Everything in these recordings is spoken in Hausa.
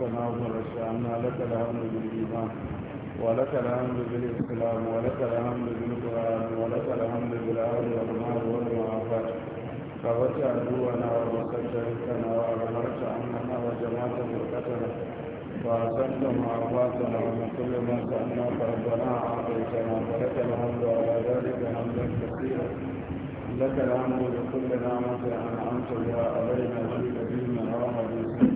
ربنا وفرج عنا لك الحمد بالإيمان ولك الحمد بالإسلام ولك الحمد بالقرآن ولك الحمد بالأهل والمال والمعافاة فوسع عدونا وبسط شركنا وأغمرت عنا وجمعت بركتنا وأحسنت معافاتنا ومن كل ما سألناك ربنا أعطيتنا ولك الحمد على ذلك حمدا كثيرا لك الحمد بكل نعمة أنعمت بها علينا في نبينا محمد صلى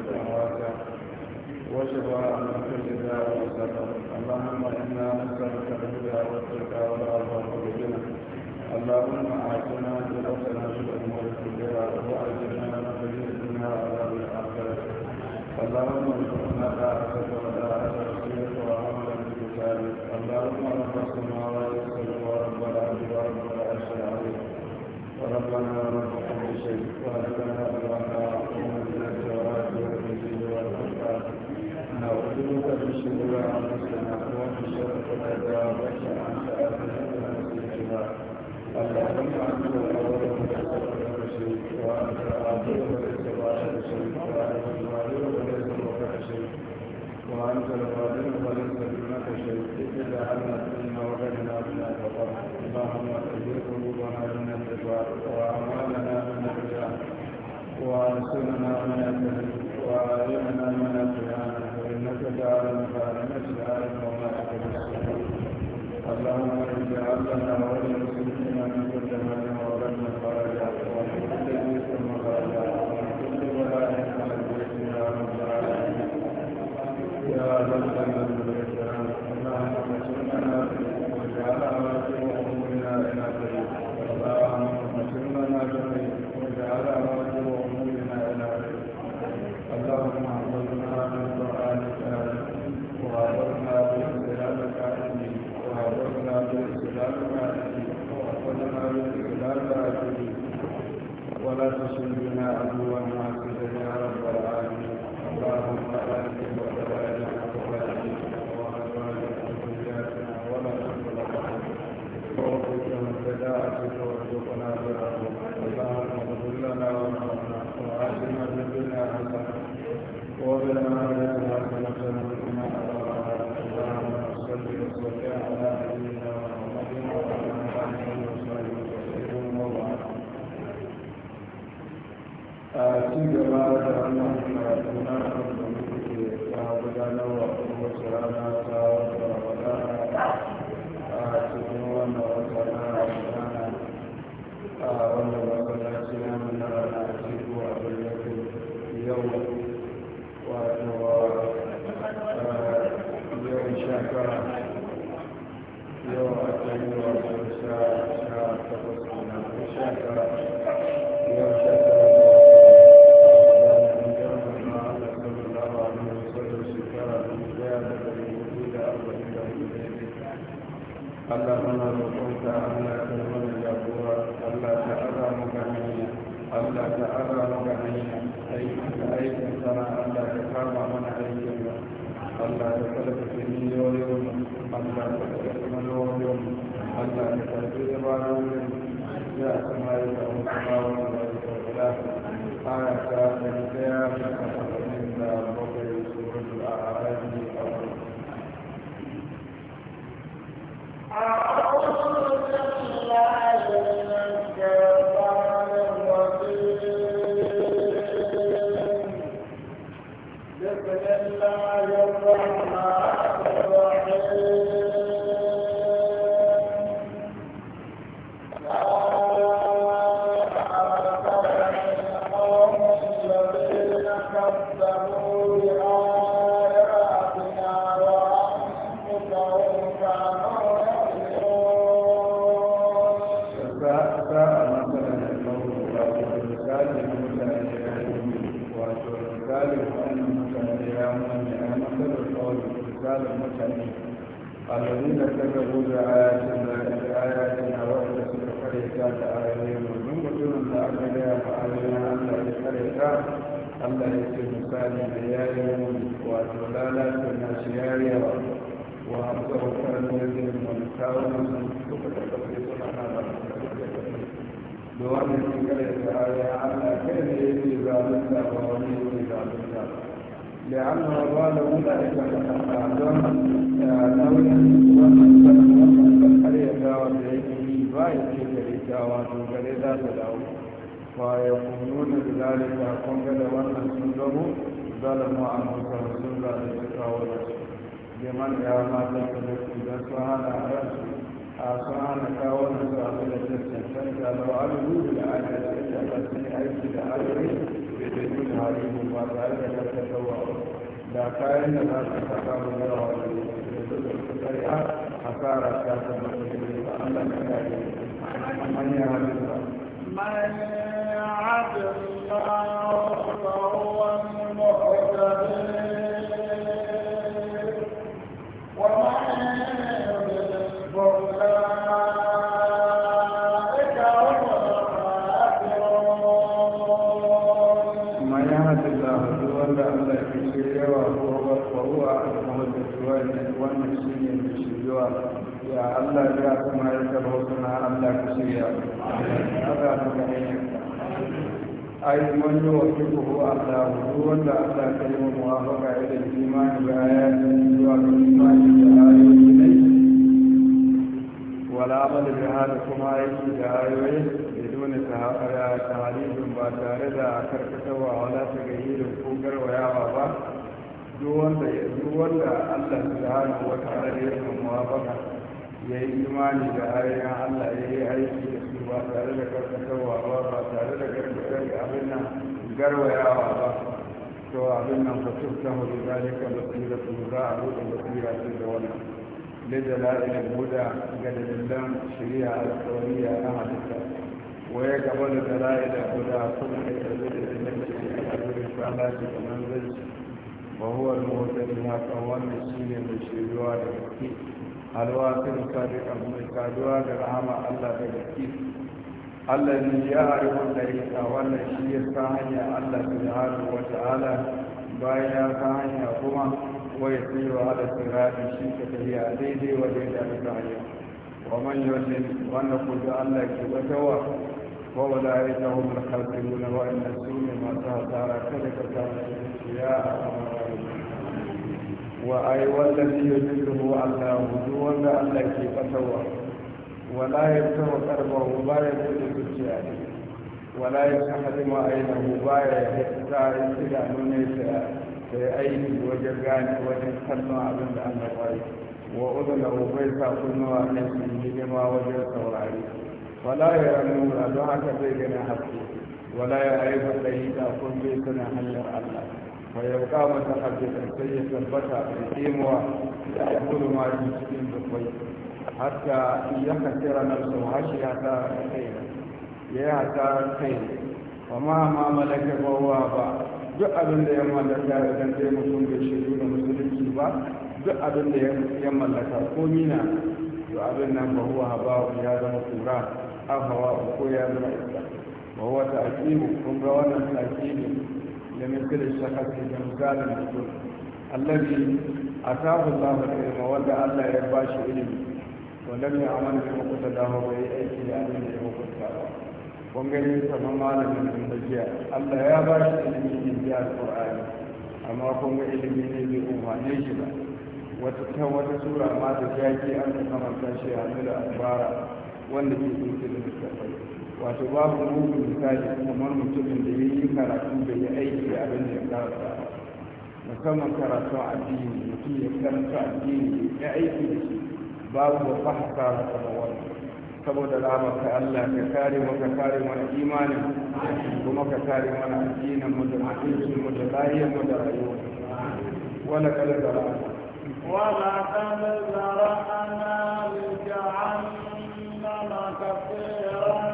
وشفاء من كل داء وسقم اللهم انا نسالك الهدى والتقى والعفاف والغنى اللهم اعطنا جلتنا في الامور كلها واجرنا من خزي الدنيا وعذاب الاخره اللهم ارزقنا طاعتك وطاعه رسولك وعملا بكتابك اللهم رب السماوات السبع ورب الارض ورب العرش العظيم ربنا رب كل شيء وهب لنا تتابعش أنت أبنى نسيحنا اللهم أنت الأول وليس لك شيء وأنت الآخر وليس بعدك شيء وأنت الظاهر وليس فوقك شيء وأنت القادر وليس دونك شيء إلا أن فينا وبيننا بناك فرح اللهم أجر قلوبنا من النفاق وأعمالنا من الرجال وألسننا من الكذب وأعيننا من الخيانة فإنك تعلم فأنا نجعل سمائك ومسماوك ومسماوك ومسماوك آية سائل سيارة فقط من بقي سورة الأعراف ni ayari wato lalata na shiyariya ba wa hamsa wata nwere mai kawo na sun suka tafi suna na ba da wani shekara da ayya ana kai ne yake zaɓin da ba wani yau ne zaɓin da da an hau ba da wuta da kan kanta don na wani wannan sanin wannan kankar ya gawa da yake yi ba ya ce da ya gawa to gare za ya kunu da zalika kun ga da sun zamo ظلموا أنفسهم سنبا لتكاولة لمن يعمى تكلف إذا سبحان أرسل سبحان كاولة سعبلة تستنشد لو علموا بالآية إلا بسني أيدي لآية بدون هاريب ما تعالى تتطوع لا كائن لا تتكاول لها ولا حسارة كاتبة الله من يهدي من عبد الله فهو المهتدي ومن يضلل فأولئك هم الخاسرون من يهد الله فولى الله في الشريعة وهو فهو المهتدي وأن الشريعة في الشريعة يا الله يا سماء الكبوتنا الله كشيئا هذا ai man yi wa fiƙuhu Allah duk wanda a ta yi wa muwafaka ya da imani ga ayatun zuwa ga imani da ayoyi ne wala amal da hada kuma aiki da ayoyi da dole ta halibin ba tare da karkatawa wala ta gani da ko garwayawa ba duk wanda Allah ta hana wata ya da muwafaka ya yi imani da ayoyin allah ya yi aiki da su ba tare da karkatarwa ba ba tare da karkatar abin nan garwayawa ba to abin nan fa tufta mu bi zalika basira tu za a rubuta basira ce da wannan lidalail al-huda ga dalilan shari'a al-qawliya na hadisa wa ya gaba da dalail al-huda kuma ya karbi da dalilan shari'a al-qawliya ta manzanci wa huwa al-muhtadi ma kan wannan shine mai shiriwa da gaske alwasin sadiqan mai kaduwa da rahama Allah da gaske Allah ne ya harifin dariƙa wannan shi ya sa hanya Allah subhanahu wa ta'ala bayan ya sa hanya kuma waya tsiwa ala sirati shi ka tafiya daidai wa daidai da ta hanya wa man yallin wannan kudu Allah ke batawa wa wala ya ta hukar kalfi nuna wa'annan su ne masu hasara kada ka samu shi ya a وأي والذي يجده على وجوه الله كي فتوى ولا يفتح قلبه باية بالسجاد ولا يستخدم عينه باية حتى يصل أنه yi aiki wajen gane wajen kallon abin da an kwari wa uzula ubai sa kunnuwa ne su hidima wajen saurari wala ya ranu don haka zai gani haske wala ya aiki da yi da kun bai suna hanyar allah fa قام mutahaddisan sai ya da يقول ما yaqulu ma fi cikin zubai hatta ya kasira nafsu hashi ya ta kai ya ya ta kai wa ma ma malaka ba duk abin da ya mallaka idan dai mutum bai shiru da musulunci ba duk abin da ya mallaka ko mina to abin nan ba ya zama kura an hawa ya zama iska ba ga wannan game da shakar ke da zalin da su allabi a tafin zama da wanda allah ya ba shi ilimi wanda ne a wani kuma kusa dama ba yi aiki da abin da ya hukunta ba kun gani sama malamin da jiya allah ya ba ilimi da jiya da ƙorani amma kun ilimi ne bai umarne shi ba wata ta wata sura ma ta jaki an ta kamar tashi a mila albara wanda ke sun fi wato babu mugun misali kamar mutumin da ya yi karatu da ya aiki abin da ya karanta musamman karatu addini mutum ya karanta addini ya aiki da shi babu da fahimta da kuma wani saboda ramaka Allah ka kare mu ka kare mana imanin kuma ka kare mana addinin mu da mutuncin mu da lahiyar mu da rayuwa Wani kala da rama wala kala da rama na jahannama kafiran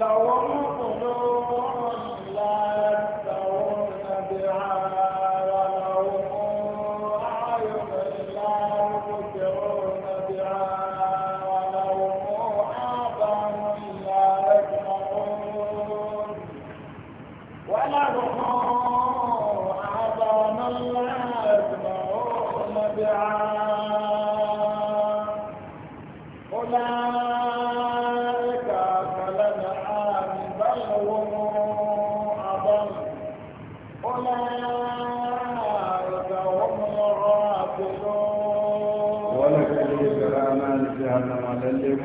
lọ́wọ́ mọ́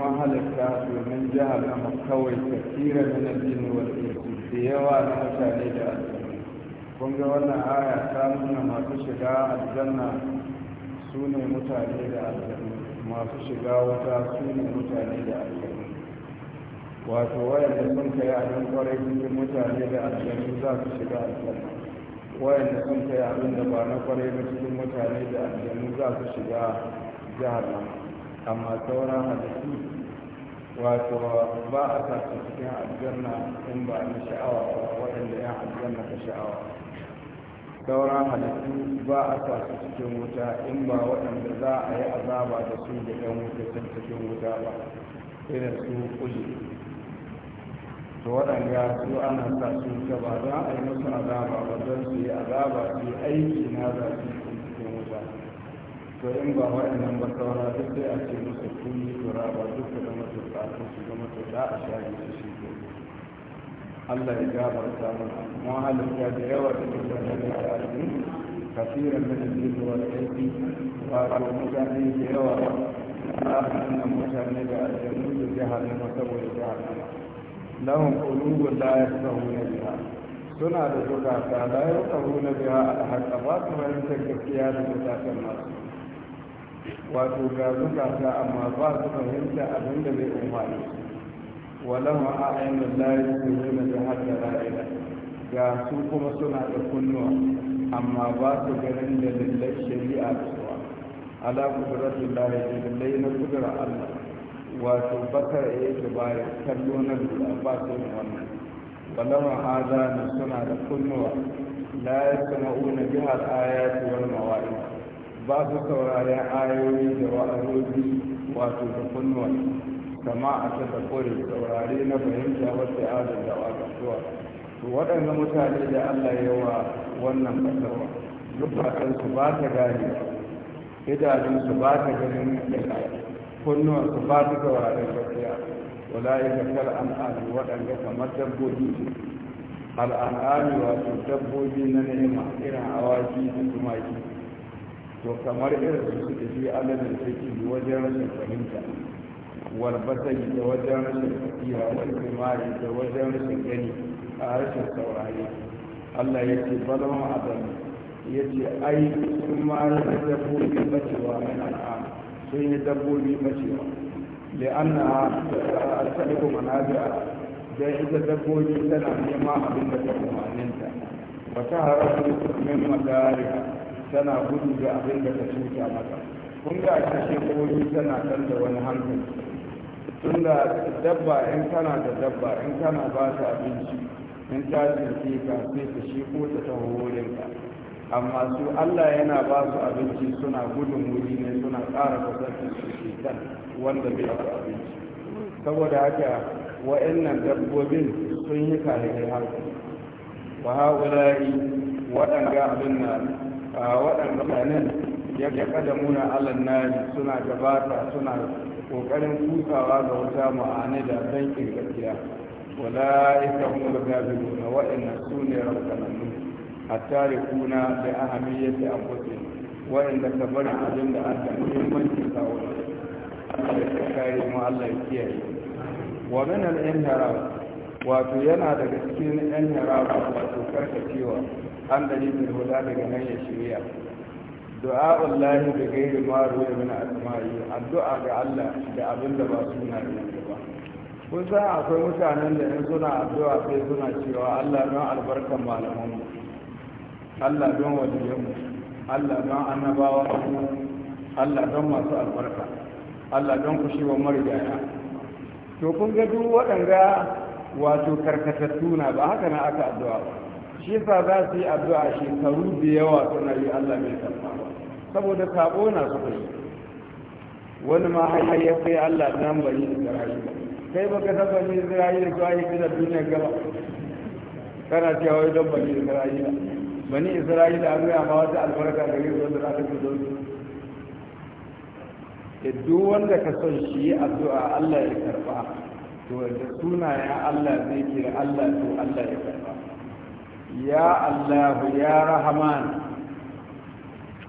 mun halitta domin jihar nama kawai tafira na jini wasu da yawa na mutane da aljanna kun ga wannan aya ta nuna masu shiga aljanna su ne mutane da aljanna masu shiga wuta su ne mutane da aljanna wato wayanda sun kai abin kwarai cikin mutane da aljanna za su shiga aljanna wayanda sun kai abin da ba na kwarai ba cikin mutane da aljanna za su shiga jihar nan. amma sauran hadisi wato ba a sa su cikin aljanna in ba na sha'awa ba waɗanda yan aljanna ka sha'awa sauran hadisi ba a sa su cikin wuta in ba waɗanda za a yi azaba da su da yan wuta can cikin wuta ba irin su kuli to waɗanda su ana sa su ta ba za a yi musu azaba ba don su yi azaba su yi aiki na za su to in ba waɗannan ba saura duk sai a ce musu kuni tura ba duk da zama su ko su zama za a shari su shi ke Allah ya gabarta mana mu halitta da yawa da kuma da a al'adun kafiran da ne zuwa da aiki ba ko mutane da yawa a hannun mutane da aljanu da jihar nama saboda jihar ba. lahun kulubun la ya sahu na biya suna da zukata la ya sahu na a alhaƙa ba su fahimtar gaskiya da zukatan masu wato ga zukata amma ba su fahimta abin da zai wala ma a da layi su zuna da hada ra'ida ga su kuma suna da kunnuwa amma ba su ganin da lillar shari'a da suwa ala kuduratun layi da lillai na kudura allah wato bakar ya yake bayan kallo na lura ba su yin wannan walamma na suna da kunnuwa la yasma'una biha al-ayati wal mawa'id ba su saurari ayoyi da wa'azobi wato da kunnuwa kama a ta kore saurari na fahimta wata yada da wakasuwa to waɗanda mutane da allah yawa wannan kasarwa zufatansu ba ta gane idanunsu ba ta ganin daga kunnuwansu ba ta saurari gaskiya wala yi an al'adu waɗanda kamar dabbobi al'adu wato dabbobi na nema, irin awaki da tumaki to kamar irin su suke fi alamin fiki wajen rashin fahimta walbatai da wajen rashin fasiha wani kimari da wajen rashin gani a rashin saurari allah ya ce balon adam ya ce ai sun ma yi dabbobi bacewa na al'am sun yi dabbobi bacewa li'anna a tsarko manazira don ita dabbobi tana nema abin da ta umarninta ba ta harafi min madarika tana gudu da abin da ta cuta mata kun ga ta shekoki tana kan da wani hankali tun da dabba in kana da dabba in kana ba ta abinci in ta jirgi ka sai ta sheko ta ta ka amma su allah yana ba su abinci suna gudun wuri ne suna ƙara kusantar su shekan wanda bai ba abinci saboda haka wa'annan dabbobin sun yi kare hankali wa haƙulari waɗanda abin na A waɗanda mutanen ya kaɗa na alan nari suna gabata suna ƙoƙarin kusawa ga wata ma'ani da zan gaskiya wala ita kuma gabiru na waɗanda su ne rautanannu a tare kuna da ahamiyyar da abuwa waɗanda ka bari abin da an da muhimmancin kawo Allah ya kare mu Allah ya kiyaye wa min al-inhiraf wato yana daga cikin inhiraf wato karkacewa an dalilin huda daga nan ya shirya du'a wallahi da gairi maru ya mana asma'i addu'a ga Allah da abin da ba suna da ba kun san akwai mutanen da in suna addu'a sai suna cewa Allah don albarkan malaman Allah don waliyan mu Allah don annabawa mu Allah don masu albarka Allah don kushewa marigaya to kun ga duk waɗanda wato karkatattu na ba haka na aka addu'a ba shi yasa za su yi addu'a shekaru da yawa suna yi Allah mai karfa saboda sabo na su yi wani ma har sai Allah nan bari da Isra'ila kai baka san bani Isra'ila to ai da duniya gaba kana cewa wai don bari bani Isra'ila bani Isra'ila an ga ma wata albarka da yake wanda za ta fito duk wanda ka son shi yi addu'a Allah ya karfa, to da sunayen Allah zai kira Allah to Allah ya karfa. ya allahu ya rahman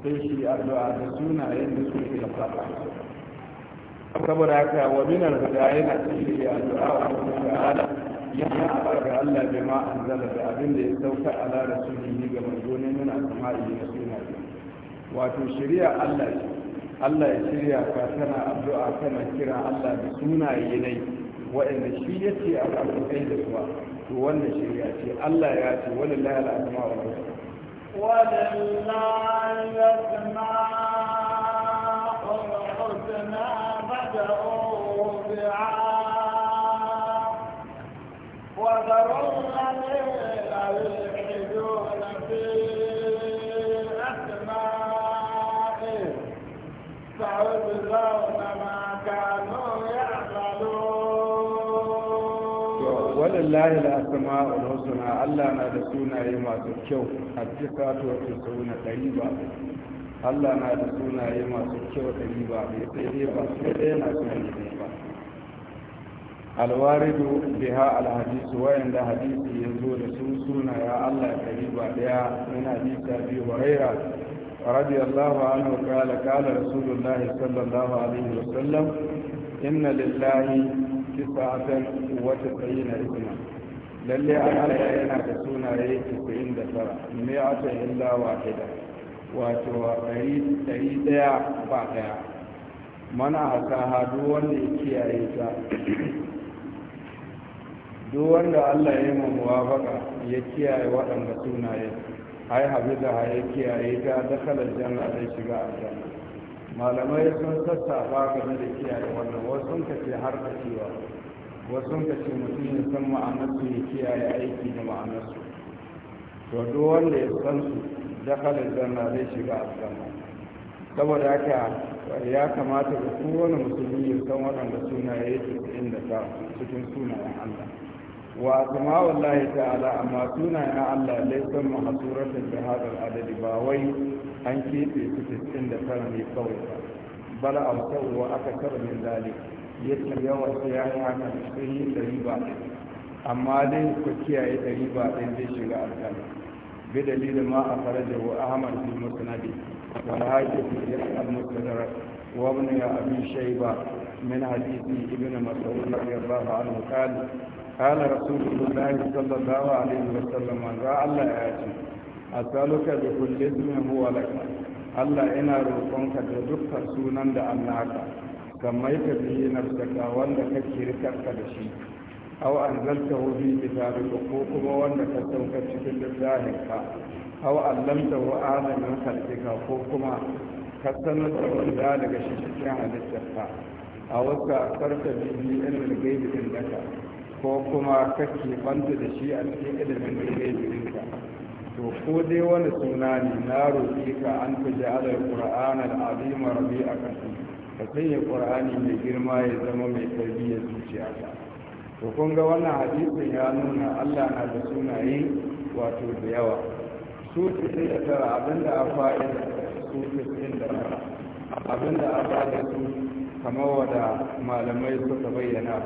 sai shi addu'a da sunayen da suke da fata saboda haka wa minar guda yana cikin addu'a wa ta'ala yana ga Allah bai ma anzala da abin da ya sauka ala rasulihi ga manzo ne muna sama'i da sunaye wato shari'a Allah Allah ya shirya ka tana addu'a kana kira Allah da sunaye ne wa'anda shi yace a kai da suwa to wannan shirya ce Allah ya ce wani layar asma wa wasu ولله الأسماء الحسنى فادعوه بها وذروا الذين يلحدون في أسمائه سيجزون ما كانوا يعملون walillahi al-asma'ul husna Allah na da sunaye masu kyau hadisatu wa sunna tayyiba Allah na da sunaye masu kyau tayyiba bai sai dai ba sai dai na sunaye ba alwaridu biha alhadisu wayanda hadisi yazo da sun suna ya Allah tayyiba daya min hadisa bi huraira radiyallahu anhu qala qala rasulullahi sallallahu alaihi wasallam inna lillahi تسعة وتسعين اسما lalle Allah yana da sunaye 99 mi'ata illa wahida wato ɗari ɗaya ba ɗaya mana haka duk wanda ya kiyaye ta duk wanda Allah ya yi mamuwa baka ya kiyaye waɗanda sunaye ai habiza ya kiyaye ta dakalar janna zai shiga aljanna malamai sun sassafa game da kiyaye wannan wasu sun ce har da cewa wasu sun ce mutum ya san ma'anarsu ya kiyaye aiki da ma'anarsu to duk wanda ya san su dakalin zanna zai shiga aljanna saboda haka ya kamata da kowane musulmi ya san waɗanda sunaye ta cikin sunayen Allah wa asma'ul lahi ta'ala amma sunayen Allah laifin mahasuratin da hadar adadi ba wai an kefe su cikin da tara ne kawai ba bala a wa aka taɓa min zalik yake yawa sai ya yi haka sun yi ɗari ba amma dai ku kiyaye ɗari ba ɗin zai shiga aljanna bi dalilin ma a faraja wa ahmad bin musnadi wa al-hakim ya al-mustadrak wa ibn abi shayba min hadisi ibn mas'ud radiyallahu anhu qala قال رسول الله صلى الله عليه وسلم ذا الله ياتي أسألك بكل اسم هو لك الله إنا روحك تدق سونا لأنك سميت به نفسك وأنك كركك بشيء أو أنزلته في كتابك حقوقك وأنك سوكت في لسانك أو علمته آدم من خلقك حقوقك كسنت ذلك شيء على الشفاء أو أكثرت به علم الغيب عندك ko kuma kake banta da shi a cikin ilimin ɗaiɗaiɗinka to ko dai wani suna ne na roƙe ka an fi ja'alar ƙura'an al'azima rabi a ka sanya mai girma ya zama mai tarbiyyar zuciya ta to kun ga wannan hadisin ya nuna allah na da sunaye wato da yawa su tisin da tara abinda a fa'ida su tisin da tara abinda a fa'ida su kamar wada malamai suka bayyana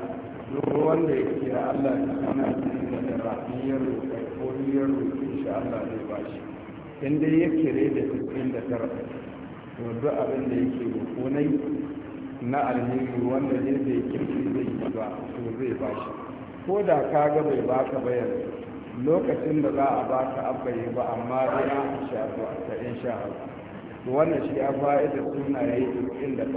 duk wanda ya kira Allah ya kana cikin da rahiyar roƙa ko riyar roƙe shi Allah zai ba shi in dai ya kire da cikin da tara to duk abin da yake roƙo nai na alheri wanda ne zai kirki zai yi ba to zai ba shi ko da ka ga bai ba ka bayan lokacin da za a ba baka abbaye ba amma dai an sha zuwa ta insha Allah to wannan shi ya fa'ida sunaye 99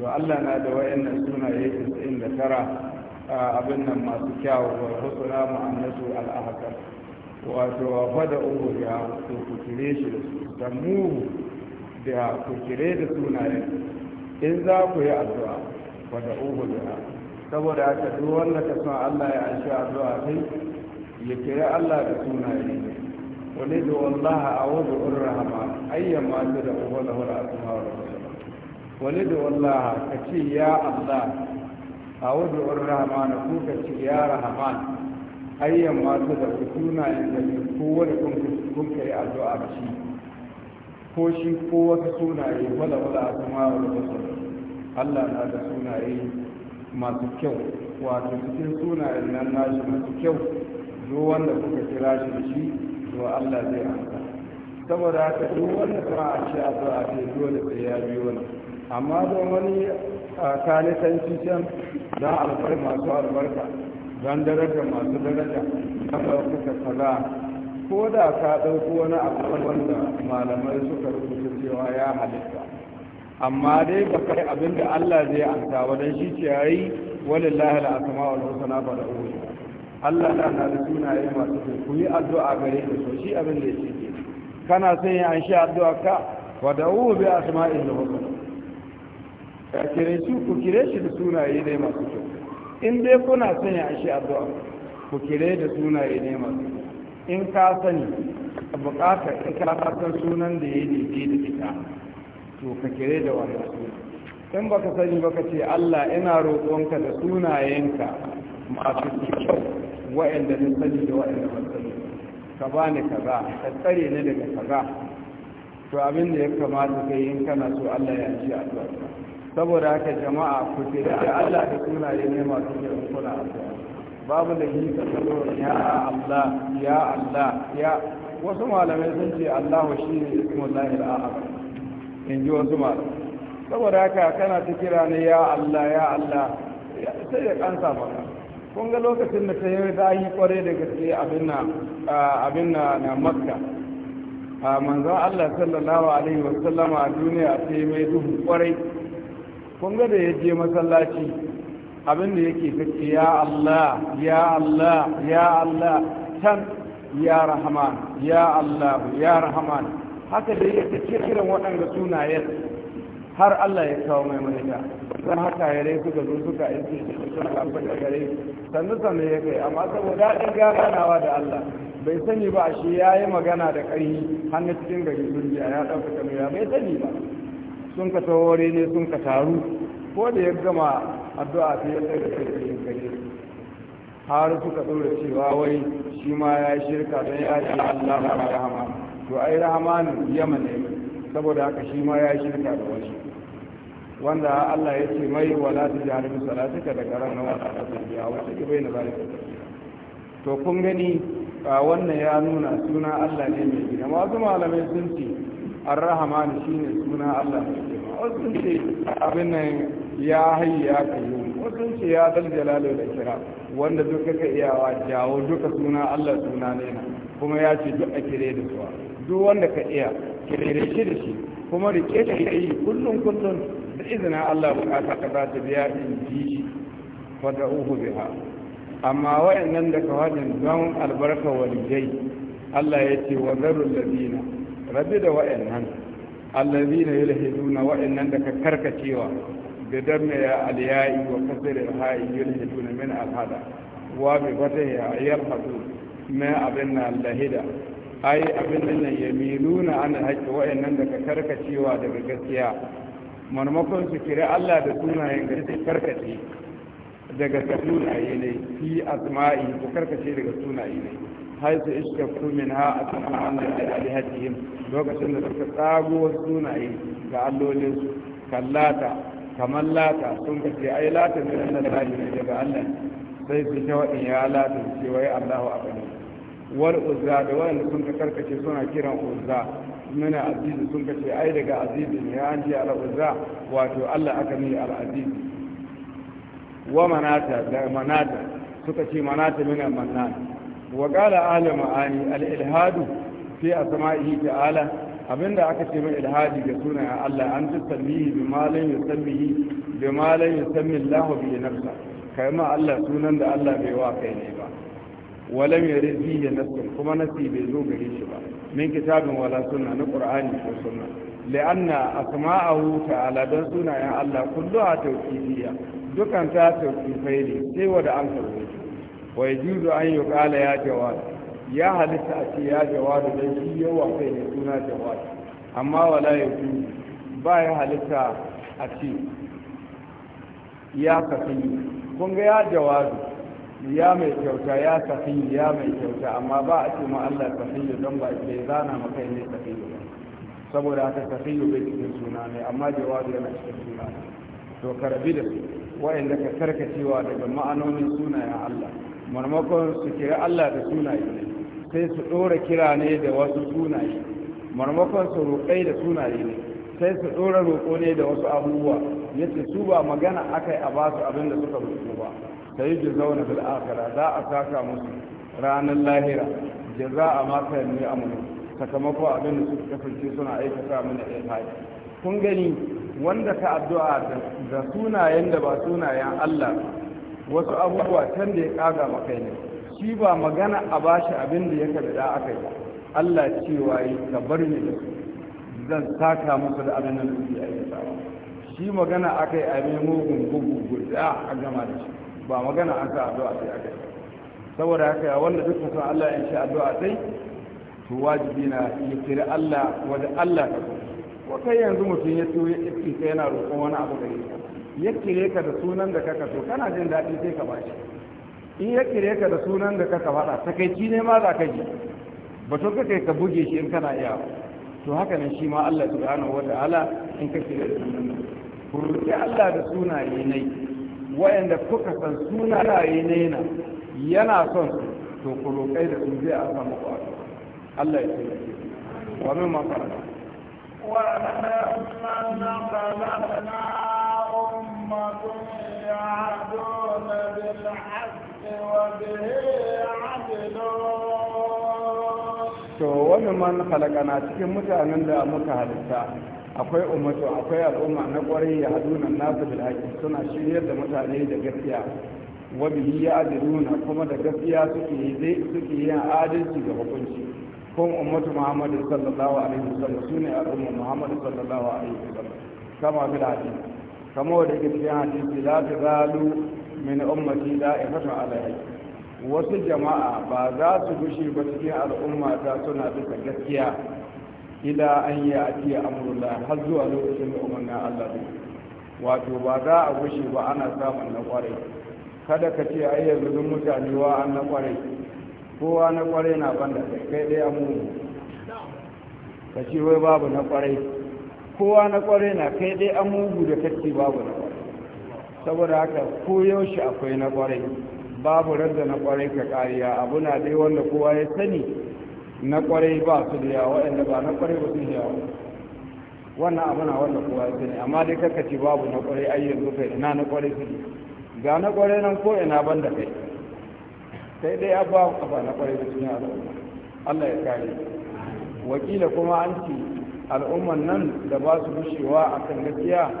to Allah na da wayannan sunaye 99 abin nan masu kyawu wa husna ma'anatu al'ahkam wato wafa fada uhu ya ku kire shi da su da mu da ku kire da sunayen in za ku yi addu'a fada da ya saboda haka duk wanda ka san Allah ya shi addu'a sai ya kira Allah da sunaye wani da wallaha a wadda urrahama ayyan masu da uhu da hura a kuma wani da wallaha ka ce ya Allah a wadda rahmanu ku ka ci ya rahman ayyan masu da ku suna inda ne ko wani kun ka yi addu'a da shi ko shi ko wasu sunaye wala wala a sama wa wasu Allah na da sunaye masu kyau wato cikin sunayen nan nashi masu kyau zo wanda kuka kira shi da shi to Allah zai amsa saboda haka duk wanda kuma a ci a zo a ce dole sai ya biyo wani, amma don wani kalitanci can don albar masu albarka don daraja masu daraja na ɗaukaka kaza ko da ka ɗauko wani abu wanda malamai suka rubuta cewa ya halitta amma dai ba kai abin da Allah zai amsa ba don shi ce yayi walillahi al-asma wal husna fa da'u Allah da na da sunaye masu kyau ku yi addu'a gare ka so shi abin da yake kana son yin an shi addu'a ka wa da'u bi asma'il husna ka kire shi ku kire shi da sunaye dai masu kyau in dai kuna son ya shi addu'a ku kire da sunaye dai masu kyau in ka sani a bukatar in ka san sunan da ya daidai da ita to ka kire da wannan suna in baka sani baka ce Allah ina roƙonka da sunayenka masu kyau wa'anda na sani da wa'anda ban sani ka bani kaza ka tsare ni daga kaza to abin da ya kamata kai in kana so Allah ya ji addu'a saboda haka jama'a ku ce da Allah da sunaye ne masu kiran kuna babu da yi ka tsaro ya Allah ya Allah ya wasu malamai sun ce wa shi ne ismullahi al'ahab in ji wasu malamai saboda haka kana ta kira ne ya Allah ya Allah sai ya kansa maka kun ga lokacin da ta yi zahi kware da gaske abin na na makka a manzon Allah sallallahu alaihi wasallama a duniya ta yi mai duhu kwarai kun ga da ya je masallaci abin da yake kace ya Allah ya Allah ya Allah can ya Rahman ya Allah ya Rahman haka da yake kiran waɗanda sunayen har Allah ya kawo mai manita don haka ya rai suka zo suka aiki da suna abin da gare sannu sannu ya kai amma saboda ɗin ganawa da Allah bai sani ba shi ya yi magana da ƙarfi hannun cikin gari sun ya ɗauka kamar ya bai sani ba sun ka tawore ne sun ka taru ko da ya gama addu'a sai ya tsaye da cikin gare har suka ɗora cewa wai shi ma ya shirka don ya ce Allah ma rahama to ai rahamanu yama ne saboda haka shi ma ya shirka da wasu wanda Allah ya ce mai wala ta jihar misalatika da karan na wata ta tafiya wata ki bai na zalika to kun gani wannan ya nuna suna Allah ne mai gina masu malamai sun ce ar-rahman shine suna Allah wasu ce abin nan ya hayya ya kayyum wasu ce ya dal jalalo da kira wanda duk kaka iyawa jawo duka suna Allah suna ne kuma ya ce duk a kire da suwa duk wanda ka iya kire shi da shi kuma rike da yi kullum kullum da izina Allah bukata ka za ta biya in ji fada uhu biha amma wayannan da ka wajen don albarka walijai Allah ya ce wa zarul ladina rabi da wa'annan allazi na yi lahiduna wa'annan da ka karkacewa da danna ya aliyayi wa kasar ilhayi yi lahiduna min alhada wa bi fata ya ayyar hadu na abin na lahida ai abin nan nan ya miluna an haƙƙi wa'annan da ka karkacewa daga gaskiya marmakon su kira Allah da sunayen gaskiya karkace daga sunaye ne fi asma'i ko karkace daga sunaye ne haisu ishtafu a cikin Allah da alihatihim lokacin da suka tsago wasu sunaye ga allolin su kallata kamar lata sun kace ai lata ne nan da ne daga Allah sai su ta wadin ya lata ce wai Allahu akbar wal uzza da wanda sun ka karkace suna kiran uzza من عزيز سنك في أي لك عزيز يانجي على وزاع واتو ألا Wa manata da manata suka ce manata من المنان wa qala ahli ma'ani al ilhadu fi asma'ihi ta'ala abinda aka ce mai ilhadi ga sunan Allah an tusallihi bi ma lam yusammihi bi ma lam yusammi Allah bi nafsa kai ma Allah sunan da Allah bai wa kai ne ba walam yarid bi nafsin kuma nasi bai zo gare shi ba min kitabin wala na qur'ani ko sunna li'anna ta'ala dan sunayen Allah kulluha tawqifiyya dukan ta ne sai wanda an wa juzo an kala ya jawad ya halitta a ce ya jawad dan shi yawa kai ne suna jawad amma wala ya yajuzu ba ya halitta a ce ya kafi kun ga ya jawadu ya mai kyauta ya kafi ya mai kyauta amma ba a ce ma Allah kafi don ba bai zana maka ne kafi ba saboda haka tafiyu bai cikin suna ne amma jawabi yana cikin suna ne to karbi da su wa'anda ka karkacewa daga ma'anonin sunayen Allah marmakon su kira Allah da sunaye sai su ɗora kira ne da wasu sunaye marmakon su roƙai da sunaye ne sai su ɗora roƙo ne da wasu abubuwa yace su ba magana akai a ba su abin da suka roƙo ba sai ji zauna fil akhirah za a saka musu ranar lahira jaza'a ma kayan ne amanu sakamako abin da suka kafince suna aikata mana ilhaji kun gani wanda ka addu'a da sunayen da ba sunayen Allah wasu abubuwa can da ya kaga maka ne shi ba magana a bashi abin da ya karɓa aka yi Allah cewa yi ka bar ni da zan saka musu da abin da suke aikata shi magana aka yi a mai mugun gugu da a gama da shi ba magana an sa addu'a sai aka yi saboda haka ya wanda duk san Allah ya shi addu'a sai to wajibi na ya kira Allah wanda Allah ka ko kai yanzu mutum ya tuye iska yana roƙon wani abu da ka ya kire ka da sunan da kaka so kana jin daɗi sai ka bashi in ya kire ka da sunan da kaka faɗa takaici ne ma za ka ji ba to kai ka buge shi in kana iya to haka nan shi ma Allah subhanahu ta'ala in ka kire da sunan ku roki Allah da sunaye ne wayanda kuka san sunaye ne na yana son to ku roƙai da su zai a samu Allah ya tsare wa min ma farka ولما خلقنا wani man halakana cikin mutanen da muka halitta akwai ummatu akwai al'umma na kwarai ya na nasu suna shiryar da mutane da gaskiya wabi bihi ya adiluna kuma da gaskiya suke yi suke yin adalci ga hukunci kun ummatu muhammadu sallallahu alaihi wasallam su ne al'ummar muhammadu sallallahu alaihi wasallam kama bi hadisi kama wa dake cikin hadisi la tazalu min ummati da'ifatu alaihi wasu jama'a ba za su gushi ba cikin al'umma ta suna duka gaskiya ila an yi a tiya har zuwa lokacin da umarnin allah ne wato ba za a gushi ba ana samun na kwarai kada ka ce ai yanzu mutane wa an na kwarai kowa na kwarai na banda kai kai dai ka ce wai babu na kwarai kowa na kwarai na kai dai amuhu da kacce babu na kwarai saboda haka koyaushe akwai na kwarai babu radda na kwarai ka kariya abu na dai wanda kowa ya sani na kwarai ba su da yawa waɗanda ba na kwarai ba su da yawa wannan abu na wanda kowa ya sani amma dai kaka babu na kwarai ai kai ina na kwarai su ga na kwarai nan ko ina ban da kai sai dai ya ba kafa na kwarai da cikin al'umma Allah ya kare wakila kuma an ce al'umman nan da ba su gushewa a kan gaskiya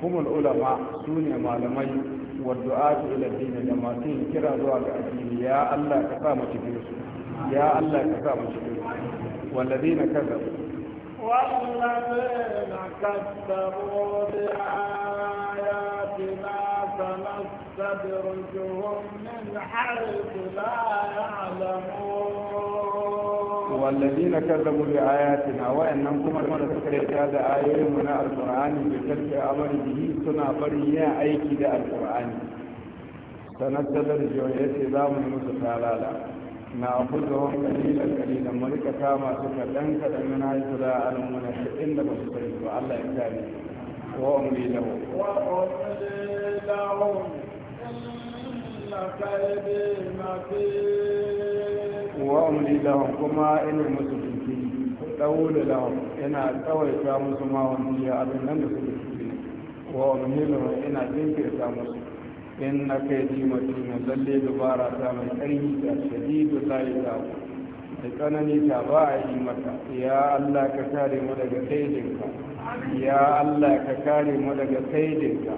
kuma ulama su ne malamai wadda ila dini da masu yin kira zuwa ga addini ya Allah ka sa mu cikin su ya Allah ka sa mu cikin su wallazina kazzabu والذين كذبوا بآياتنا سنستدرجهم من حيث لا يعلمون والذين كذبوا بآياتنا وإنهم كما سكرت هذا آية من القرآن بتلك أمر به سنة بريا أيكي القرآن سنستدرجهم يتي لا من مسلسلالا na abuja da kalilan da mulka kama su kaɗan kaɗan na haifu a alamunan shaɗin inda ba su sani ba allah ya kare wa umri lahu wa umri lahu inna kaidi wa umri lahu kuma ina musu jinki ɗaule lahu ina tsawaita musu mawanci abin nan da suke ciki wa umri lahu ina jinkirta musu in na kai ji mutum lalle dubara ta mai ƙarfi da shadidu ta yi ta da tsanani ta ba a yi mata ya Allah ka kare mu daga kaidinka ya Allah ka kare mu daga kaidinka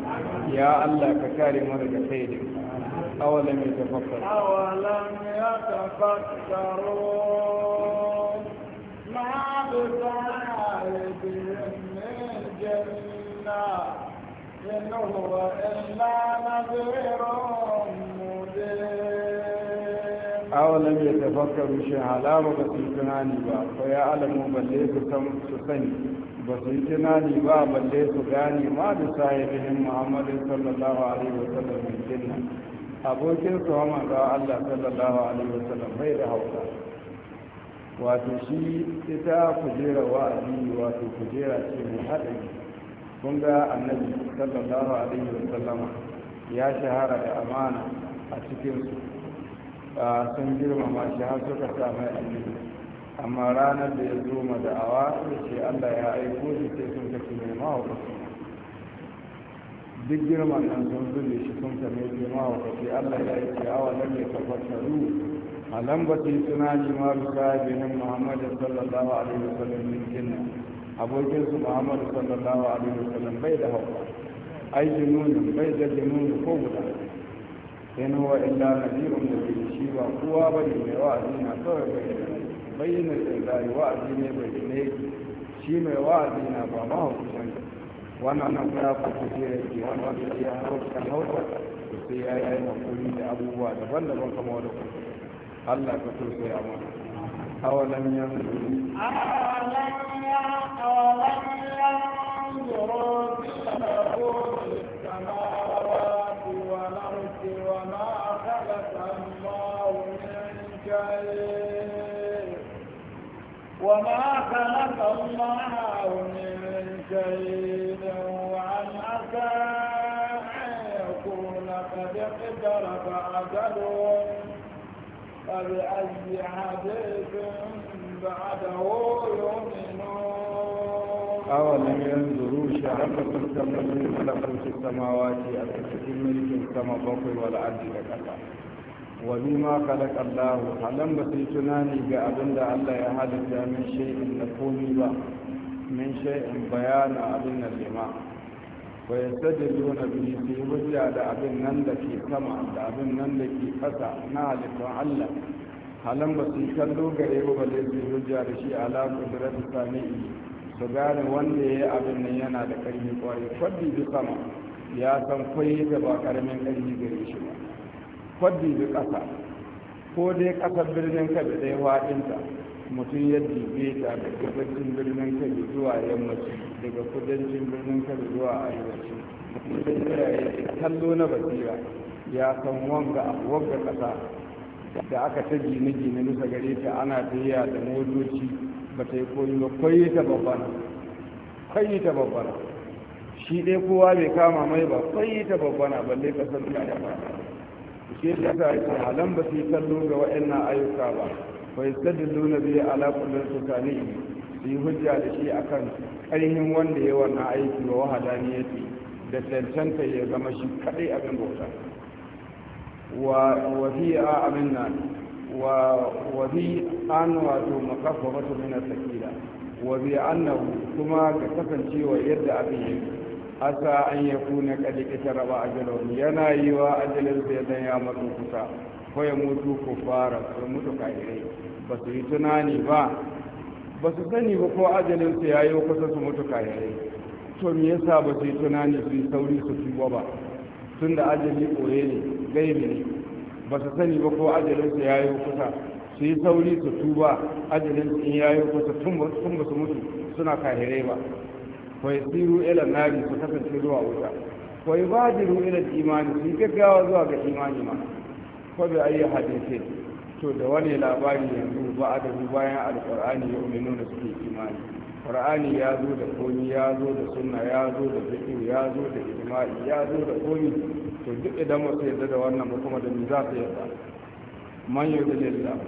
ya Allah ka kare mu daga kaidinka awalam yatafakkar awalam yatafakkaru ma bi ta'alibin min janna إن هو إلا نذير مبين أولم يتفكروا شيء على tunani ba ko ya alamu balle su sani ba su yi tunani ba balle su gane ma da sahibihin muhammadin sallallahu alaihi wa sallam jinna abokin su hama ga allah sallallahu alaihi wa sallam bai da hauka wato shi ita kujera wa'azi wato kujera ce mai haɗari kun ga annabi sallallahu alaihi wa sallama ya shahara da amana a cikin sun girmama shi har suka sa mai annabi amma ranar da ya zo ma da'awa ya ce allah ya aiko shi sai sun kace mai mahaukaci duk girman nan sun zube shi sun kame shi mahaukaci allah ya yi ciyawa nan ya kafattaru a lambatin tunani ma bisa binin muhammadu sallallahu alaihi wa sallam min jinnan abokin su muhammadu sallallahu alaihi wasallam bai da hauka ai jinunin bai da jinuni ko guda in huwa illa nadirun da ke shi ba kowa ba ne mai wa'azi na kawai bai bayyana tsirrai wa'azi ne bai ne shi mai wa'azi na ba ma hau hukuman wannan nan kuma ku kuke da ke wani wanda ya hauka hauka sai ya yi hakuri da abubuwa daban-daban kamar da kuma Allah ka tursa ya mana أولم ينظروا أولم ينظروا في ملكوت السماوات والأرض وما خلق الله من شيء وما خلق الله من شيء وأن عسى أن يكون قد اقترب أجلهم فبأي حديث بعده يؤمنون أولم ينظروا شرفة السماوات ملكوت السماوات أتكتم ملك السما بقي والأرض كذا وبما خلق الله هلم بسيتناني بأبن الله يهدد من شيء نقومي به من شيء بيان أبن الإمام bai sadi nuna biyu su yi hujja da abin nan da ke da abin nan da ke na halittun allah halin ba su kallo gare ba balle su hujja da shi ala kudurar sami'i su gane wanda ya yi abin nan yana da ƙarfi kwarai faddi bi sama ya san kwai da ba ƙaramin ƙarfi gare shi ba bi ko dai ƙasar birnin kabi dai mutum ya ta da birnin kabi zuwa yammaci daga kudancin birnin kano zuwa arewaci kallo na basira ya san wanga wanga ƙasa da aka ta gine-gine nusa gare ta ana tafiya da motoci ba ta yi koyi ba koyi ta babbar koyi ta babbar shi dai kowa bai kama mai ba koyi ta babbar a balle kasar da ya ba shi ta ta yi halan ba su yi kallo ga waɗannan ayyuka ba bai sadin nuna biya alaƙulan su tani su yi hujja da shi akan ƙarfin wanda ya wannan aiki wa fi da cancanta ya zama shi kaɗai abin bauta wa wafi'a abin nan wa wafi an wato makafa wata mina sakila wa bi annahu kuma ga kasancewa yadda abin yake asa an ya kuna kadi kita raba a jalon yana yi wa jalon sai dan ya matsu kusa ko ya mutu ko fara ko mutu rai. ba su yi tunani ba ba su sani ba ko ajalin su yayi kusa su mutu kayayi to me yasa ba su tunani su yi sauri su tuba ba tun da ajali koye ne gaibi ne ba su sani ba ko ajalin su yayi kusa su yi sauri su tuba ajalin su yayi kusa tun ba su mutu suna kayayi ba fa yasiru ila nari su kasance zuwa wuta fa yubadiru ila imani su gaggawa zuwa ga imani ma ko bi ayi hadisi to da wani labari yanzu ba da bayan alkur'ani ya umenu da suke imani qur'ani ya zo da komi ya zo da sunna ya zo da fiqh ya zo da ijma'i ya zo da komi to duk idan mu yarda da wannan ba kuma da ni za ta yarda man yarda lillah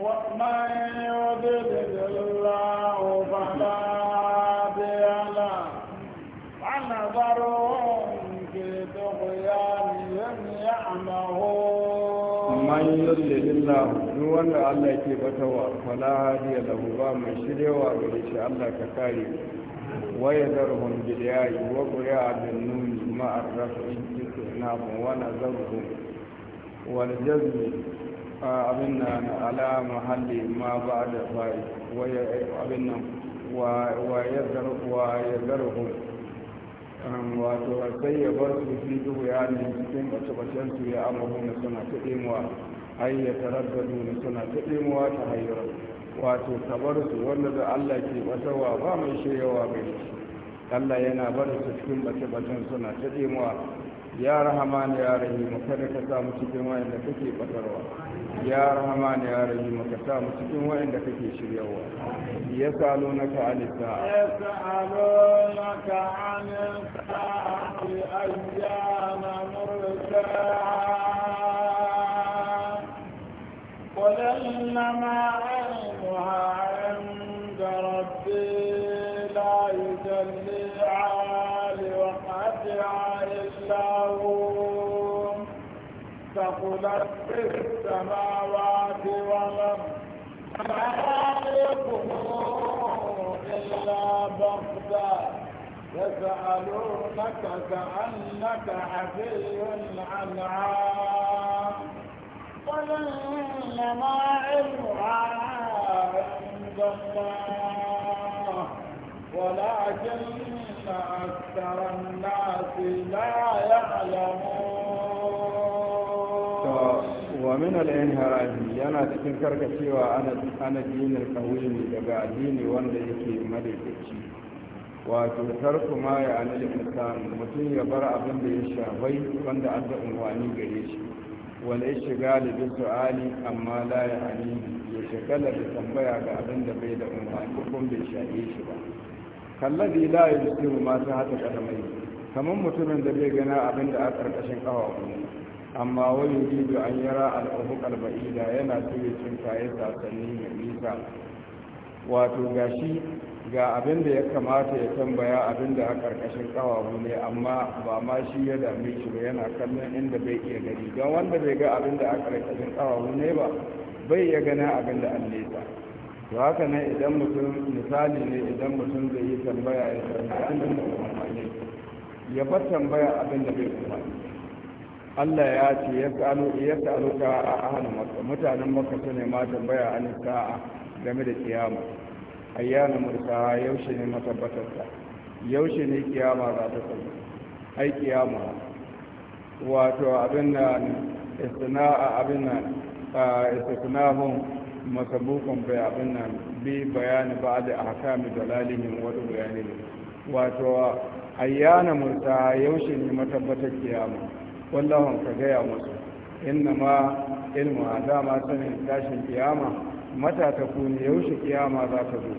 wa man yarda lillah fala bi'ala ana daru fi tughyanihim ya'mahun man يضلل الله duk wanda Allah ke batawa fala hadiya lahu ba mai shirewa gare shi Allah ka kare waya darhum bil ya'i wa qura'a bin nun ma arrafi na wa nazaru wal jazmi abinna nan ala mahalli ma ba'da fa'i waya abin nan wa wa yadharu wa yadharuhum wato sai ya bar su fi duhu ya ne cikin bace-bacen su ya amma na suna ta ɗemuwa ai ya taraddadu na suna ta ɗemuwa ta hanyar wato ta bar su wanda da allah ke batarwa ba mai shiryawa gare shi allah yana bar su cikin bace-bacen suna ta ɗemuwa ya rahama ni ya rahimu kada ka samu cikin wayan da kake batarwa ya rahman ya rahim ka sa mu cikin wayanda kake shiryawa ya salo na ka alisa ya salo na ka alisa fi ayyana mursa قل إنما علمها عند ربي لا يجليها لوقتها إلا هو ثقلت في السماوات والأرض ما يكون إلا بغتة يسألونك كأنك حفي عنها قل إنما علمها عند الله ولكن أكثر الناس لا يعلمون wa min al yana cikin karkacewa ana ana dinin kawimi daga addini wanda yake madaidaici wato tarku ma ya anil insan mutum ya bar abin da ya shafai wanda an da unwani gare shi wala ya shiga da bi su'ali amma la ya ani ya shagala da tambaya ga abin da bai da unwani kun bai shafe shi ba kallabi la ya yusiru ma ta hata kadamai kamar mutumin da bai gana abin da a karkashin kafa amma wani yuridu an yara al'ubuq al-ba'ida yana so ya cinkaye sasanni mai nisa wato gashi ga abin da ya kamata ya tambaya abin da a ƙarƙashin ƙawawu ne amma ba ma shi ya dami shi ba yana kallon inda bai iya gani don wanda bai ga abin da a ƙarƙashin ƙawawu ne ba bai iya gana abin da an nesa to haka nan idan mutum misali ne idan mutum zai yi tambaya ya tambaya abin da bai ya bar tambaya abin da bai kuma Allah ya ce ya sa'alu ya a hannun makka mutanen makka su ne ma tambaya an sa'a game da kiyama ayyana mursa yaushe ne matabbatarta. yaushe ne kiyama za ta tsaya ai kiyama wato abin istina a abin nan hun masabukun bai abin nan bi bayani ba da ahkami dalalihim wa bayanin wato ayyana mursa yaushe ne matabbatar kiyama kullahun ka gaya musu inna ma ilmu a dama sanin tashin kiyama mata ta kuni yaushe kiyama za ta zo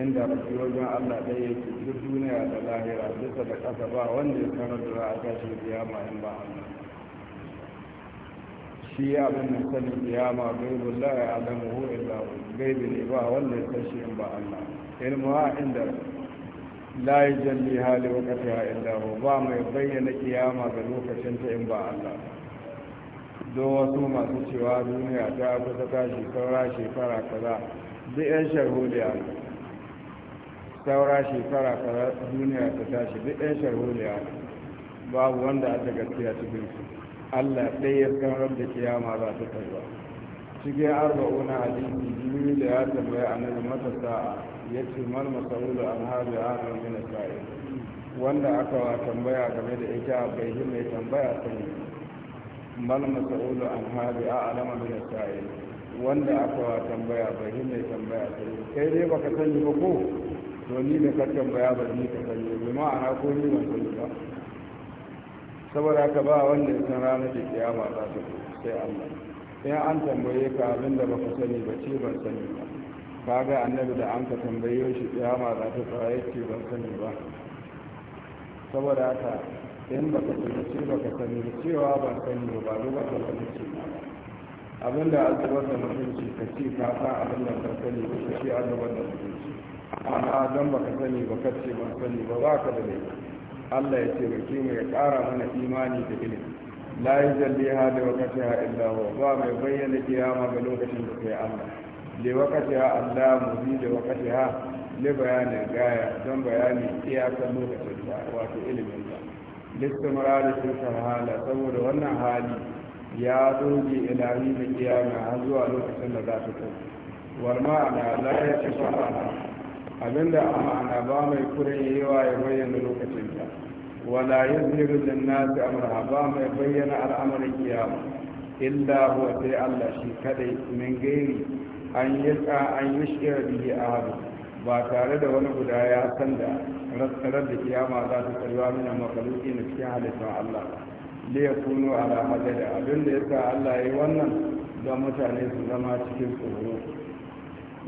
inda rafi wajen allah ɗaya yake duk duniya da lahira bisa da ƙasa ba wanda ya sanar da za a tashin kiyama in ba allah shi ya abin da sanin kiyama gaibun la ya alamu hu illa gaibi ne ba wanda ya tashi in ba allah ilmu a inda la yujalli hali waqtiha illa hu ba mai bayyana kiyama ga lokacin ta in ba Allah don wasu masu cewa duniya ta kusa tashi shekara shekara kaza duk yan sharholiya saura shekara kaza duniya ta tashi duk yan sharholiya babu wanda aka gaskiya cikin su Allah ɗaya ya san rabda kiyama za ta kai ba cikin arba'una hadisi da ya tambaya nan mata sa'a ya ce mal masarudu an haɗu a hannun mina sa'i wanda aka wa tambaya game da ita bai yi mai tambaya sani man masarudu an Alhaji a alama mina sa'i wanda aka wa tambaya bai yi mai tambaya sani kai dai baka sani ba ko to ni da ka tambaya ba ni ka sani bi ma'ana ko ni ban sani ba saboda ka ba wanda ya san ranar da kiyama za ta sai Allah sai an tambaye ka abin da baka sani ba ce ban sani ba kaga annabi da an ka tambaye shi kiyama za ta tsaya yake ban sani ba saboda haka in baka tsaye baka sani cewa ban sani ba ba zuwa ka sani ce abinda a zubar da mutunci ka ce ka san abin da ka sani ba ka ce a zubar da mutunci amma don baka sani ba ka ce ban sani ba ba ka da laifi Allah ya ce taimake mu ya ƙara mana imani da ilimi la yujalliha li waqtiha illa huwa ba mai bayyana kiyama ga lokacin da sai Allah ha Allah muzi ha le bayanin gaya don bayanin iyakar lokacin ta wato ilimin ta listamara da sun hala saboda wannan hali ya doge ilahi da kiyama har zuwa lokacin da za su kai war ma'ana la ya ci fa'ala abinda a ana ba mai kurewa yawa ya bayyana lokacin da wala yuzhiru lin nasi amraha ba mai bayyana al'amarin kiyama illa huwa sai Allah shi kadai min gairi an yi an yi shira bihi ahadu ba tare da wani guda ya san da rasarar da kiyama za ta tsayuwa mina makaluki na cikin halittar Allah da ya kuno ala da abin da ya sa Allah ya yi wannan don mutane su zama cikin tsoro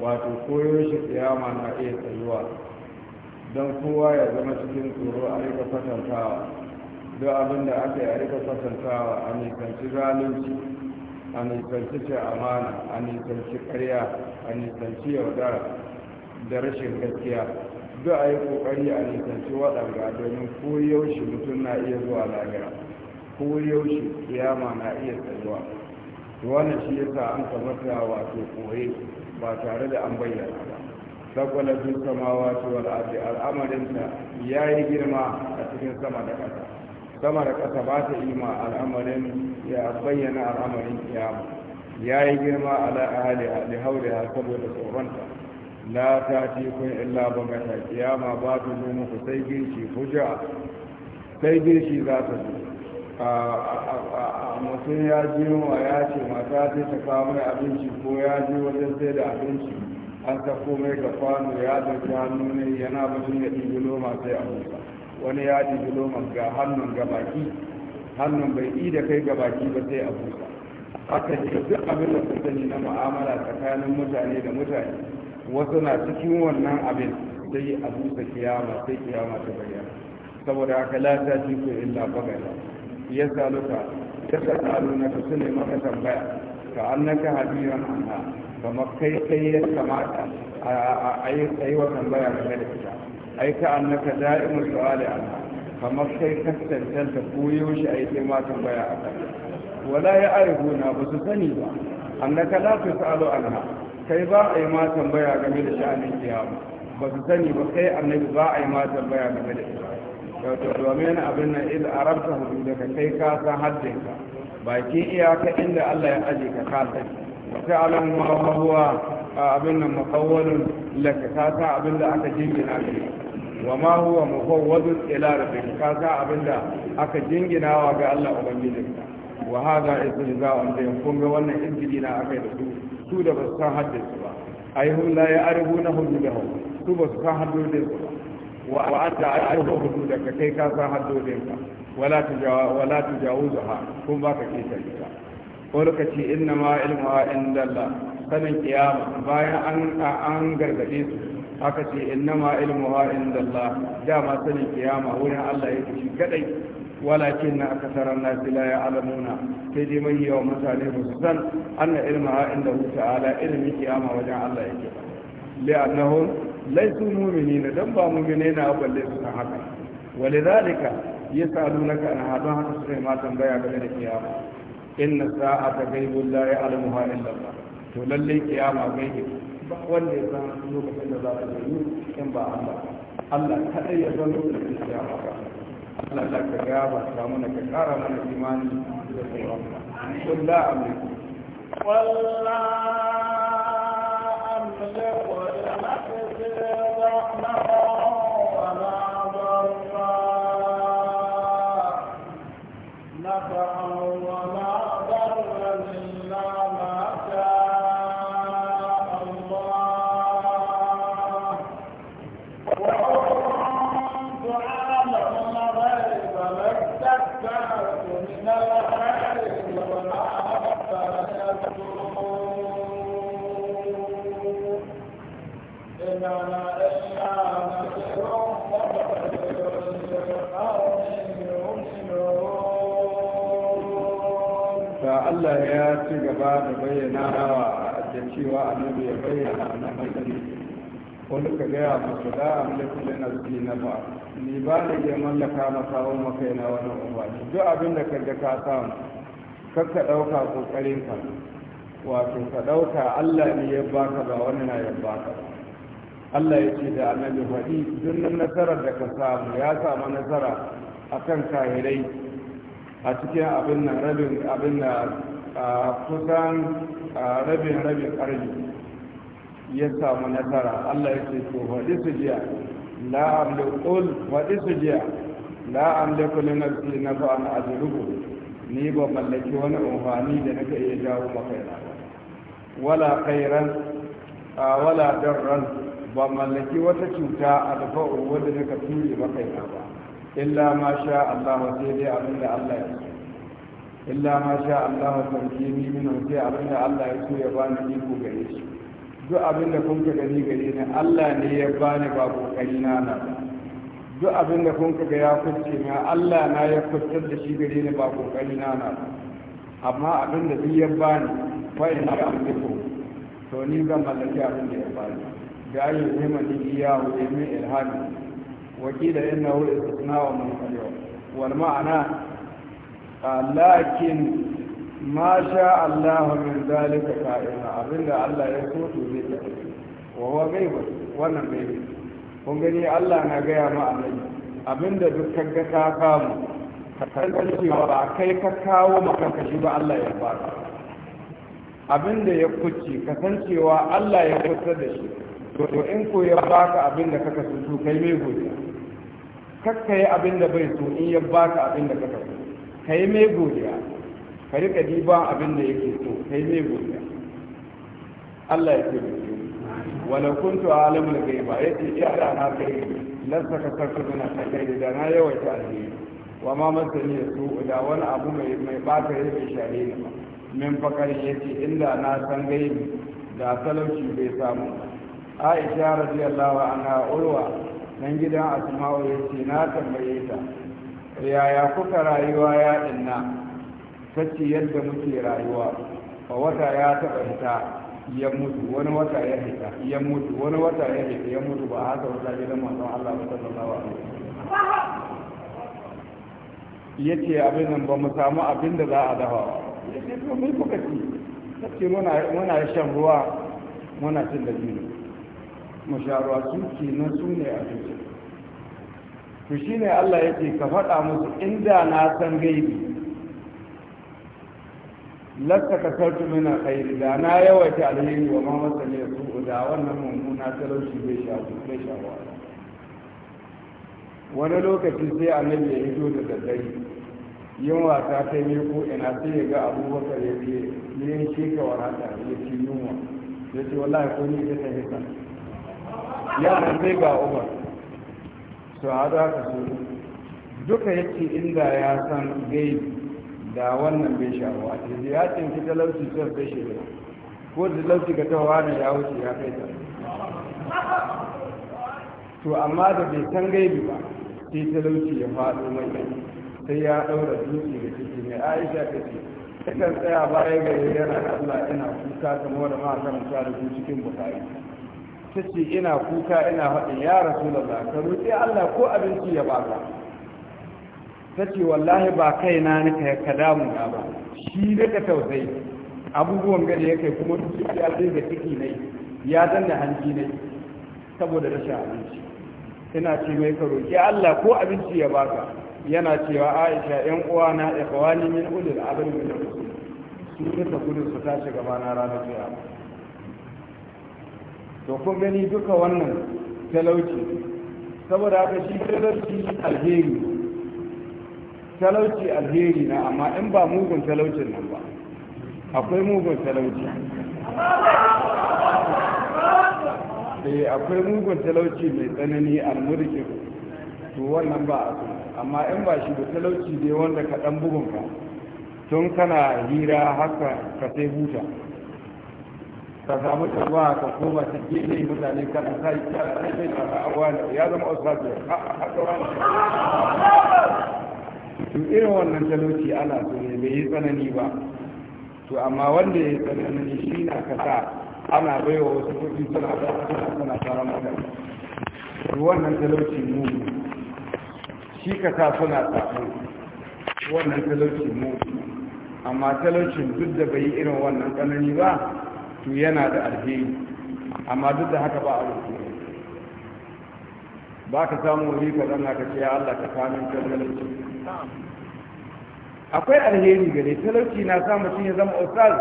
wato koyo shi kiyama na iya tsayuwa don kowa ya zama cikin tsoro a rika fatantawa, don abin da aka yi a rika fatantawa, a nisanci zalunci a nisanci ce amana a nisanci karya a nisanci yaudara da rashin gaskiya duk a yi kokari a nisanci waɗanda domin ko yaushe mutum na iya zuwa lagira ko yaushe kiyama na iya tsayuwa wani shi ya sa an kamata wato koye ba tare da an bayyana ba saboda duk samawa ce al'amarin al'amarinta ya yi girma a cikin sama da ƙasa sama da ƙasa ba ta ima al'amarin ya bayyana al'amarin kiyama ya yi girma ala ahali da haure ha saboda tsoronta la ta ce kun illa bangata kiyama ba ta zo muku sai girki hujja sai girki za ta zo a mutum ya ji wa ya ce mata ta ta kawo mai abinci ko ya ji wajen sai da abinci an ta komai ga kwano ya ɗauki hannu ne yana mutum ya ɗin noma sai a abubuwa wani ya ɗibi ga hannun ga hannun bai yi da kai ga baki ba sai a buka haka ce duk abin da ne na ma'amala tsakanin mutane da mutane wasu na cikin wannan abin sai a busa kiyama sai kiyama ta bayyana saboda haka la ta ko illa bagala ya saluka ya sa'alu na ka ne maka tambaya ka annaka na anha kamar kai kai kamata a yi wa tambaya game da ai ka annaka da'imul su'ali anha kamar sai ka ta koyo shi ai sai ma tambaya a kai wala ya na ba su sani ba annaka la tus'alu anha kai ba a yi ma tambaya game da sha'anin kiyama ba su sani ba kai annabi ba a yi ma tambaya game da shi wato domin abin nan il arabta hududaka kai ka san haddinka bakin iyaka inda Allah ya aje ka ka sani wa ta'lamu ma huwa abin nan maqawwalun laka ka san abin da aka jingina gare wa ma huwa mufawwadun ila rabbik ka ga abinda aka jinginawa ga Allah ubangijinka wa hada istihza'un da kun ga wannan injilina akai da su su da ba su san haddasa ba ai hum la ya'rifuna hududahum su ba su san haddodin ba wa anta a'rifu hududaka kai ka san haddodin ka wala tujawa wala tujawazuha kun ba ka ke tarika ko lokaci inna ma ilmu inda Allah sanin kiyama bayan an an gargade su aka ce innama ilmuha indallah dama sanin kiyama wurin Allah yake shi kadai walakin na akasara nasi la ya'lamuna sai dai mai yawan mutane ba su san anna ilmaha inda hu ta'ala ilmi kiyama wajen Allah yake li'annahum laysu mu'minina dan ba mu'minai na balle su san haka walidhalika yasalunaka an hadan haka sai ma tambaya game da kiyama inna sa'ata ghaibul la ya'lamuha illa Allah to lalle kiyama gaibi ba wanda ya san lokacin da za ta yi in ba Allah Allah kadai ya san lokacin da ya fara Allah ta ka ba ta mana ka kara mana imani da tsoron قل لا أملك قل لا أملك Allah ya ci gaba da bayyana rawa da cewa annabi ya bayyana na hankali wani ka gaya musu da amlaku da nazi na ba ni ba da ke mallaka maka wa makaina wani umarni duk abin da kaga ka samu kar ka ɗauka kokarin ka wato ka ɗauka Allah ne ya baka ba wani na ya baka ba Allah ya ce da annabi faɗi duk nasarar da ka samu ya samu nasara a kan kahirai a cikin abin nan rabin abin na kusan rabin rabin ƙarni ya samu nasara Allah ya ce to faɗi su jiya la amlikul faɗi su jiya la amlikul nafsi na fa'an ajruhu ni ba mallaki wani amfani da naka iya jawo maka yana wala khairan wala darran ba mallaki wata cuta a dafa'u wadda daga fiye maka ina ba illa ma sha Allah sai dai abin da Allah ya so illa ma sha Allah sarki ni min sai abin da Allah ya so ya bani iko gare shi duk abin da kun ka gani gare ni Allah ne ya bani ba kokari na na ba duk abin da kun ga ya kuce ni Allah na ya kucce da shi gare ni ba kokari na na amma abin da duk ya bani fa in har to ni zan mallaki abin da ya bani da an yi muhimmin iya wajen ilhami wakila yana wuri istisna wa mun Wani ma'ana lakin ma sha Allah min zalika ka'ina abinda Allah ya so to zai ta wa wa gaiba wannan gaiba kun gani Allah na gaya ma annabi abinda duk kaga ka kamu ka san cewa ba kai ka kawo maka kashi ba Allah ya baka abinda ya kuce kasancewa Allah ya kusa da shi to in ko ya baka abin da kaka so kai mai godiya kakka yi abin da bai so in ya baka abin da kaka so kai mai godiya ka rika diba abin da yake so kai mai godiya Allah ya ce mu wala kuntu alamul ghaiba yace ya da na kai lasa ka sarku na kai da na ta alheri wa ma masani su da wani abu mai mai bata yi bai share ni ba min fakari yace inda na san gaibi da talauci bai samu ba aisha radiyallahu anha urwa nan gidan asma'u yace na tambaye ta yaya kuka rayuwa ya dinna sace yadda muke rayuwa fa wata ya taba hita ya mutu wani wata ya hita ya mutu wani wata ya hita ya mutu ba haka wata gidan manzon Allah sallallahu alaihi wasallam yace abin nan ba mu samu abin da za a dafa yace to mun kuka ci sace muna muna shan ruwa muna cin da jini musharwatu kenan su ne a cikin to shi ne Allah ya ce ka faɗa musu inda na san gaibi lasta ka sartu mana khairi da na yawaita alheri wa ma masale su da wannan mummuna talauci bai sha shafu bai wa wani lokaci sai annabi ya hito da daddare wasa ta kai ne ko ina sai ya ga abubakar ya ce ne ya ce ya ce yunwa ya ce wallahi ko ni ta hisa ya sai ga umar su hada ka su duka yake inda ya san gaibi da wannan bai shawo a cikin ya cinci talauci sun bai shi ko talauci ga tawa na ya wuce ya kai ta to amma da bai san gaibi ba sai talauci ya faɗo mai sai ya ɗaura dutse da ciki mai aisha ta ce kan tsaya baya gari yana da Allah ina kuka kamar da ma'a karanta da su cikin bukari ta ina kuka ina haɗin ya rasulallah ka roƙi allah ko abinci ya baka ta ce wallahi ba kai na nika ka damu na ba shi ne ka tausayi abubuwan gani ya kai kuma duk ya dinga ciki ne ya danna hanji ne saboda rashin abinci ina ce mai ka roƙi allah ko abinci ya baka yana cewa aisha yan uwa na ikhwani min ulul abin min rasul su ta gudu su tashi gaba na ranar kiyama to ko gani duka wannan talauci saboda haka shi talauci alheri talauci alheri na amma in ba mugun talaucin nan ba akwai mugun talauci eh akwai mugun talauci mai tsanani almurkin to wannan ba a amma in ba shi da talauci dai wanda ka dan bugun ka tun kana hira haka ka sai huta ka samu tsarwa ka koma ta gele mutane kan a sa ya rashin abuwa ya zama australia a to irin wannan talauci ana so ne bai yi tsanani ba to amma wanda ya yi tsanani shi na kasa ana bai wa wasu kuɗi suna ba suna suna fara mutane to wannan talauci mu shi kasa suna tsafo wannan talauci mu amma talaucin duk da bai yi irin wannan tsanani ba to yana da alheri amma duk da haka ba a rufe ba ka samu wuri ka zanna ka ce Allah ka kamin talauci akwai alheri gare talauci na sa mutum ya zama ustaz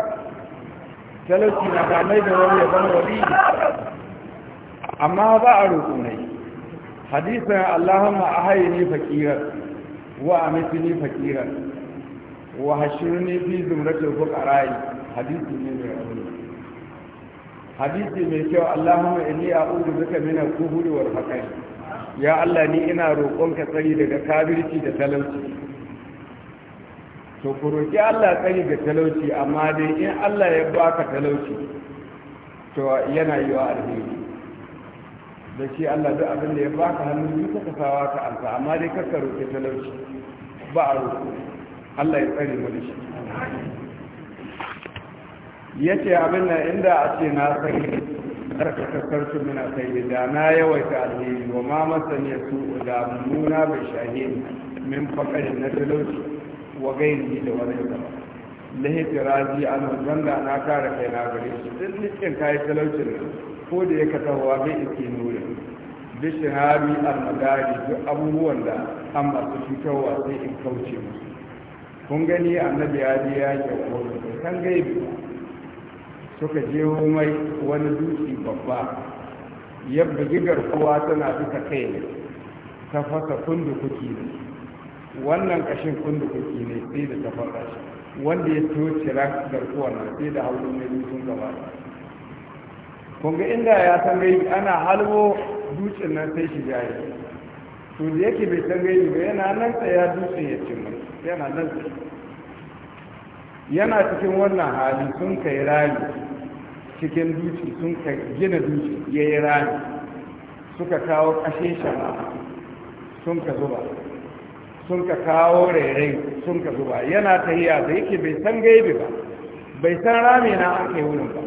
talauci na ba mai da wani ya zama wali amma ba a roƙo nai hadisan Allahumma ahayni Fakirar, wa amitni fakirar wa hashirni fi zumratil fuqara hadisi ne mai rauni hadisi mai kyau Allahumma inni a'udhu bika min al-kufri wal faqr ya Allah ni ina roƙonka tsari daga kabirci da talauci to ku roƙi Allah tsari ga talauci amma dai in Allah ya baka talauci to yana yi wa alheri da shi Allah duk abin da ya baka hannu ni ka kasawa ka alfa amma dai ka roƙi talauci ba a roƙo Allah ya tsare mu da shi yace abin nan inda a ce na sai karka su mina sai da na yawaita alheri wa ma masani su da nuna bai shahe min fakar na talauci wa gairi da wani zama lahiti raji an wanda na kare kai na gare shi duk nikin kayi talaucin ko da ya katawa bai iske nurin duk shahari almagari duk abubuwan da an masu cutarwa sai in kauce musu kun gani annabi ya je ya ke wa kan gaibi suka je mai wani dutse babba yadda gigar kowa tana duka kai ne ta fasa kundukuki ne wannan kashin kundukuki ne sai da ta fara shi wanda ya ciwo cira garkuwa na sai da hau mai sun gaba kun ga inda ya san gai ana halwo dutsen nan sai shi jaye to da yake bai san gai ba yana nan tsaya dutsen ya cimma yana nan tsaye yana cikin wannan hali sun kai rami cikin duci sun ka gina duci ya yi rami suka kawo ƙashe shama sun ka zuba sun ka kawo rairai sun ka zuba yana yi da yake bai san gaibe ba bai san rami na aka yi wurin ba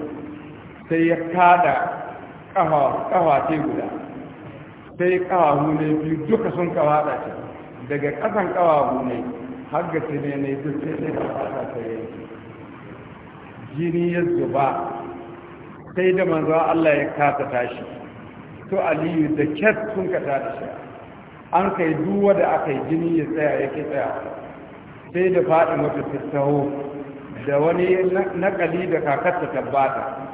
sai ya kada kawa ce guda sai kawa hune biyu duka sun kawa daga ƙasan kawa hune haggace ne na yi sai da aka ta jini ya zuba sai da manzo Allah ya kasa tashi to aliyu da kyat sun ka tashi an kai duwa da aka yi jini ya tsaya ya ke tsaya sai da faɗi mata tattaho da wani naƙali da kakarta tabbata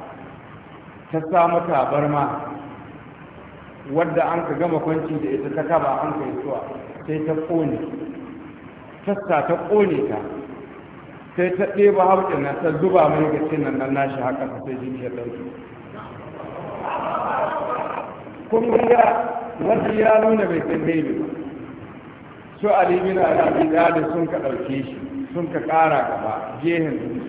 ta samu tabarma wadda an ka gama kwanci da ita ta kaba an kai zuwa. sai ta ƙone sassa ta ƙone ta sai ta ɗeba haɓuɗin na ta zuba mai gacin nan nan nashi haka ta sai jini ya ɗauki kun ga wata ya nuna mai san daidai ba su alimina da abidali sun ka ɗauke shi sun ka ƙara gaba jehin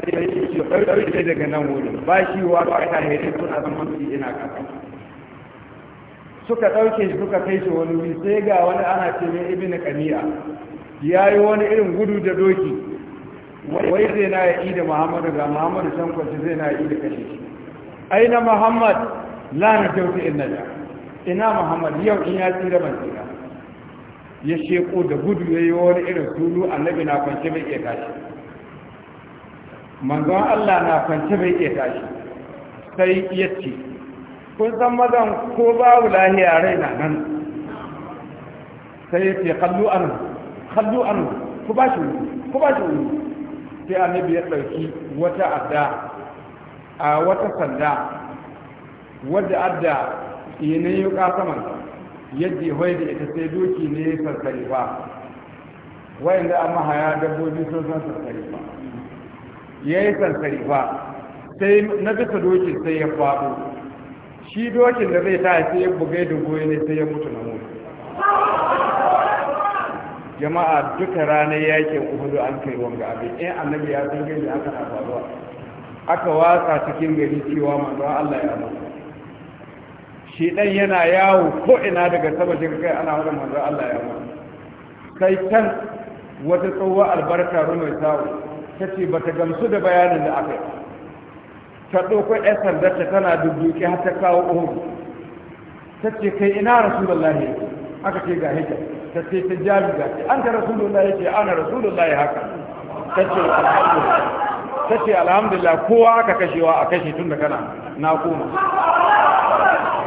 sai ya yi ɗauke daga nan wurin ba shi wa ba ta a zaman su ina kafa suka ɗauke shi suka kai shi wani wuri sai ga wani ana ce mai ibina ƙami'a. ya yi wani irin gudu da doki wai zai na ya da muhammadu ga muhammadu can kwanci zai na ya da kashe shi aina muhammad lana na kyauta in naja ina muhammad yau in ya tsira ban tsira ya sheko da gudu ya yi wani irin tulu annabi na kwance bai iya tashi manzon allah na kwance bai iya tashi sai ya ce kun san mazan ko babu lahiya rai na nan sai ya ce kallo anan hallu an ku ba shi ku ba shi sai annabi ya dauki wata adda a wata sanda wadda adda yana yi saman yadda ya hoyi da ita sai doki ne sassari ba wayanda an mahaya dabbobi sun san sassari ba ya yi sassari ba sai na bisa dokin sai ya faɗo shi dokin da zai ta sai ya bugai da goyi ne sai ya mutu na mutu jama'a duka ranar yakin uhudu an kai wanga abin in eh, annabi ya san gani aka na faruwa aka watsa cikin gari cewa manzo Allah ya mutu shi dan yana yawo ko ina daga sama kai ana wani manzo Allah ya mutu kai can wata tsohuwa albarka rumai sawo ta ce ba ta gamsu da bayanin da aka yi ta ɗauko ɗan ta tana dubbuke har ta kawo uhudu ta ce kai ina rasulullahi aka ce ga hijab ta ce ta jabi ga ce an ta rasulullah ya ce ana rasulullah ya haka ta ce alhamdulillah ta ce alhamdulillah kowa aka kashewa a kashe tun da kana na koma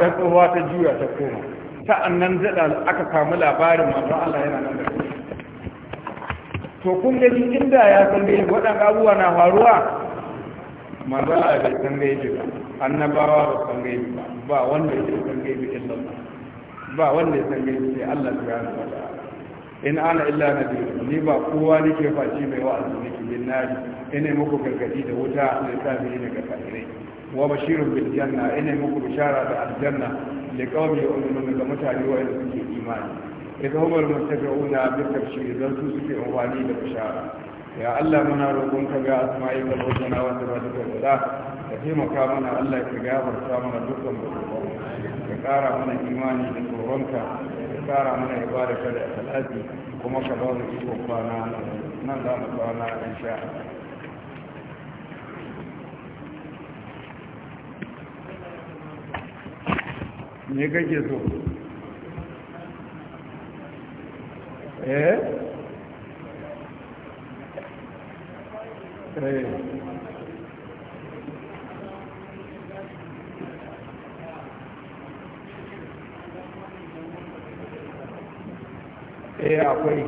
ta tsohuwa ta juya ta koma ta nan zaɗa aka samu labarin masu Allah yana nan da to kun gani inda ya san dai waɗanda abubuwa na faruwa manzon Allah bai san dai ba annabawa ba san dai ba ba wanda ya san dai ba wanda ya san gaibi sai Allah subhanahu wa ta'ala in ana illa na nadir ni ba kowa nake faci mai wa'azi nake bin nari ina muku gargadi da wuta da tafi ne ga kafirai wa bashirun bil janna ina muku bishara da aljanna li qaumi yu'minuna ga mutane wa inda suke imani idan humar muttabi'una bi tabshir dan su suke amfani da bishara ya Allah muna roƙon ka ga asma'i wal husna wa tabaraka wa ta'ala ka taimaka mana Allah ka gafarta mana dukkan mu ƙara mana imani da tsoronka ka ƙara mana ibadarka da salati kuma ka ba mu iko kwana nan za mu kwana insha Allah me kake so eh eh eh akwai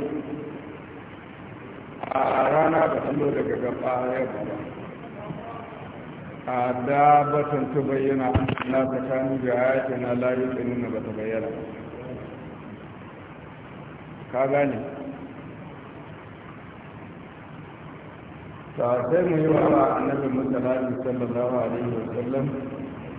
a rana da hannu daga gaba ya gaba a da batun ta bayyana na kanu da yake na layu nuna ba ta bayyana ka gane ta sai mu yi wa annabi musalatu sallallahu alaihi wasallam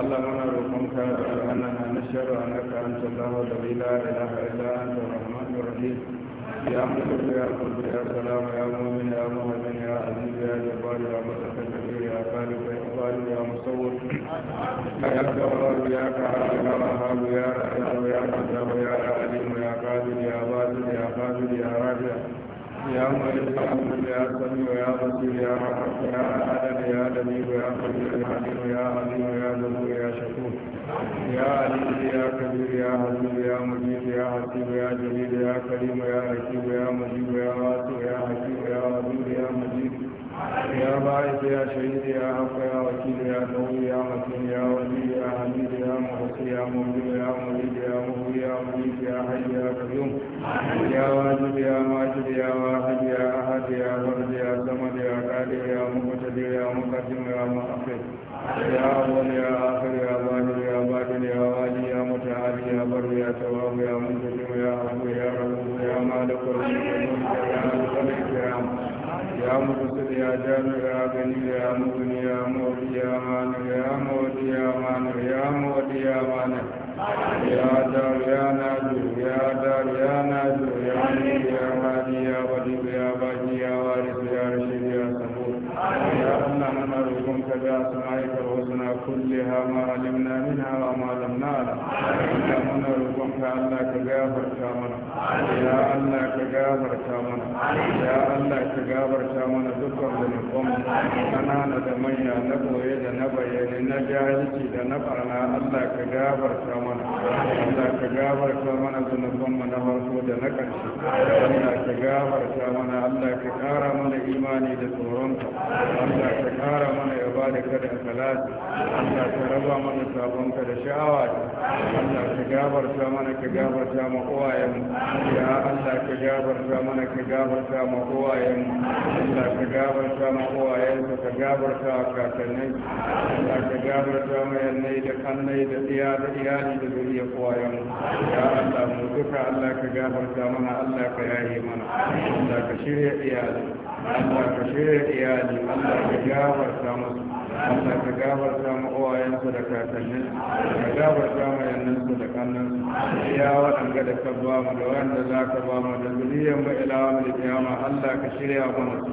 الله منا رقمك أننا نشهد أنك أنت الله الذي لا إله إلا أنت الرحمن الرحيم يا ملك يا قلب يا سلام يا مؤمن يا مهيمن يا عزيز يا جبار يا متكبر يا خالق يا خالق يا مصور يا جبار يا كعب يا رهاب يا رحيم يا عذاب يا عليم يا قادر يا باسل يا قادر يا رافع يا ملك الحمد يا سميع يا بصير يا رحمن يا عدل يا دليل يا قدير يا حكيم يا عليم يا ذكور يا شكور يا عليم يا كبير يا عزيز يا مجيد يا حكيم يا جليل يا كريم يا رقيب يا مجيب يا واسع يا حكيم يا عظيم يا مجيد يا باعث يا شهيد يا حق يا وكيل يا قوي يا متين يا ولي يا حميد يا محصي يا مبدع يا مريد يا مغوي يا مجيد يا حي يا قيوم يا واجب يا ماجد يا واحد يا أحد يا فرد يا صمد يا قادر يا مقتدر يا مقدم يا مؤخر يا أول يا آخر يا ظاهر يا باطن يا والي يا متعالي يا بر يا تواب يا منتجم يا عفو يا رؤوف يا مالك الملك يا مالك الكرام يا مقصد يا جامع يا غني يا مغني يا مولي يا مانع يا مولي يا مانع يا مولي يا مانع يا دار يا نادر كلها ما علمنا منها وما لم نعلم علمنا ربك الله كجافر كامنا يا الله كجافر كامنا يا الله كجافر كامنا ذكر لنقوم أنا ندمي نبوي نبي نجاهك نبرنا الله كجافر كامنا الله كجافر كامنا ذنبهم نهرسو نكرش الله كجافر كامنا الله كجافر mana imani da tsoronka Allah ka kara ka da salati Allah ka raba mana sabon ka da sha'awa Allah ka gabarta mana ka gabarta ma uwayen ya Allah ka gabarta mana ka gabarta ma uwayen Allah ka gabarta ma uwayen ka gabarta kakannin Allah ka gabarta ma yannai da kannai da iya da iyali da zuriya uwayen ya Allah mu duka Allah ka gabarta mana Allah ka yaye mana Allah ka shirya iyali Allah ka shirya iyali Allah ka gabarta musu Allah ka gabarta mu uwayensu da kakannin ka gabarta mu yannansu da kannan ya waɗanda da ka ba mu da wanda za ka ba mu da zuriyar mu ila wani kiyama Allah ka shirya mana su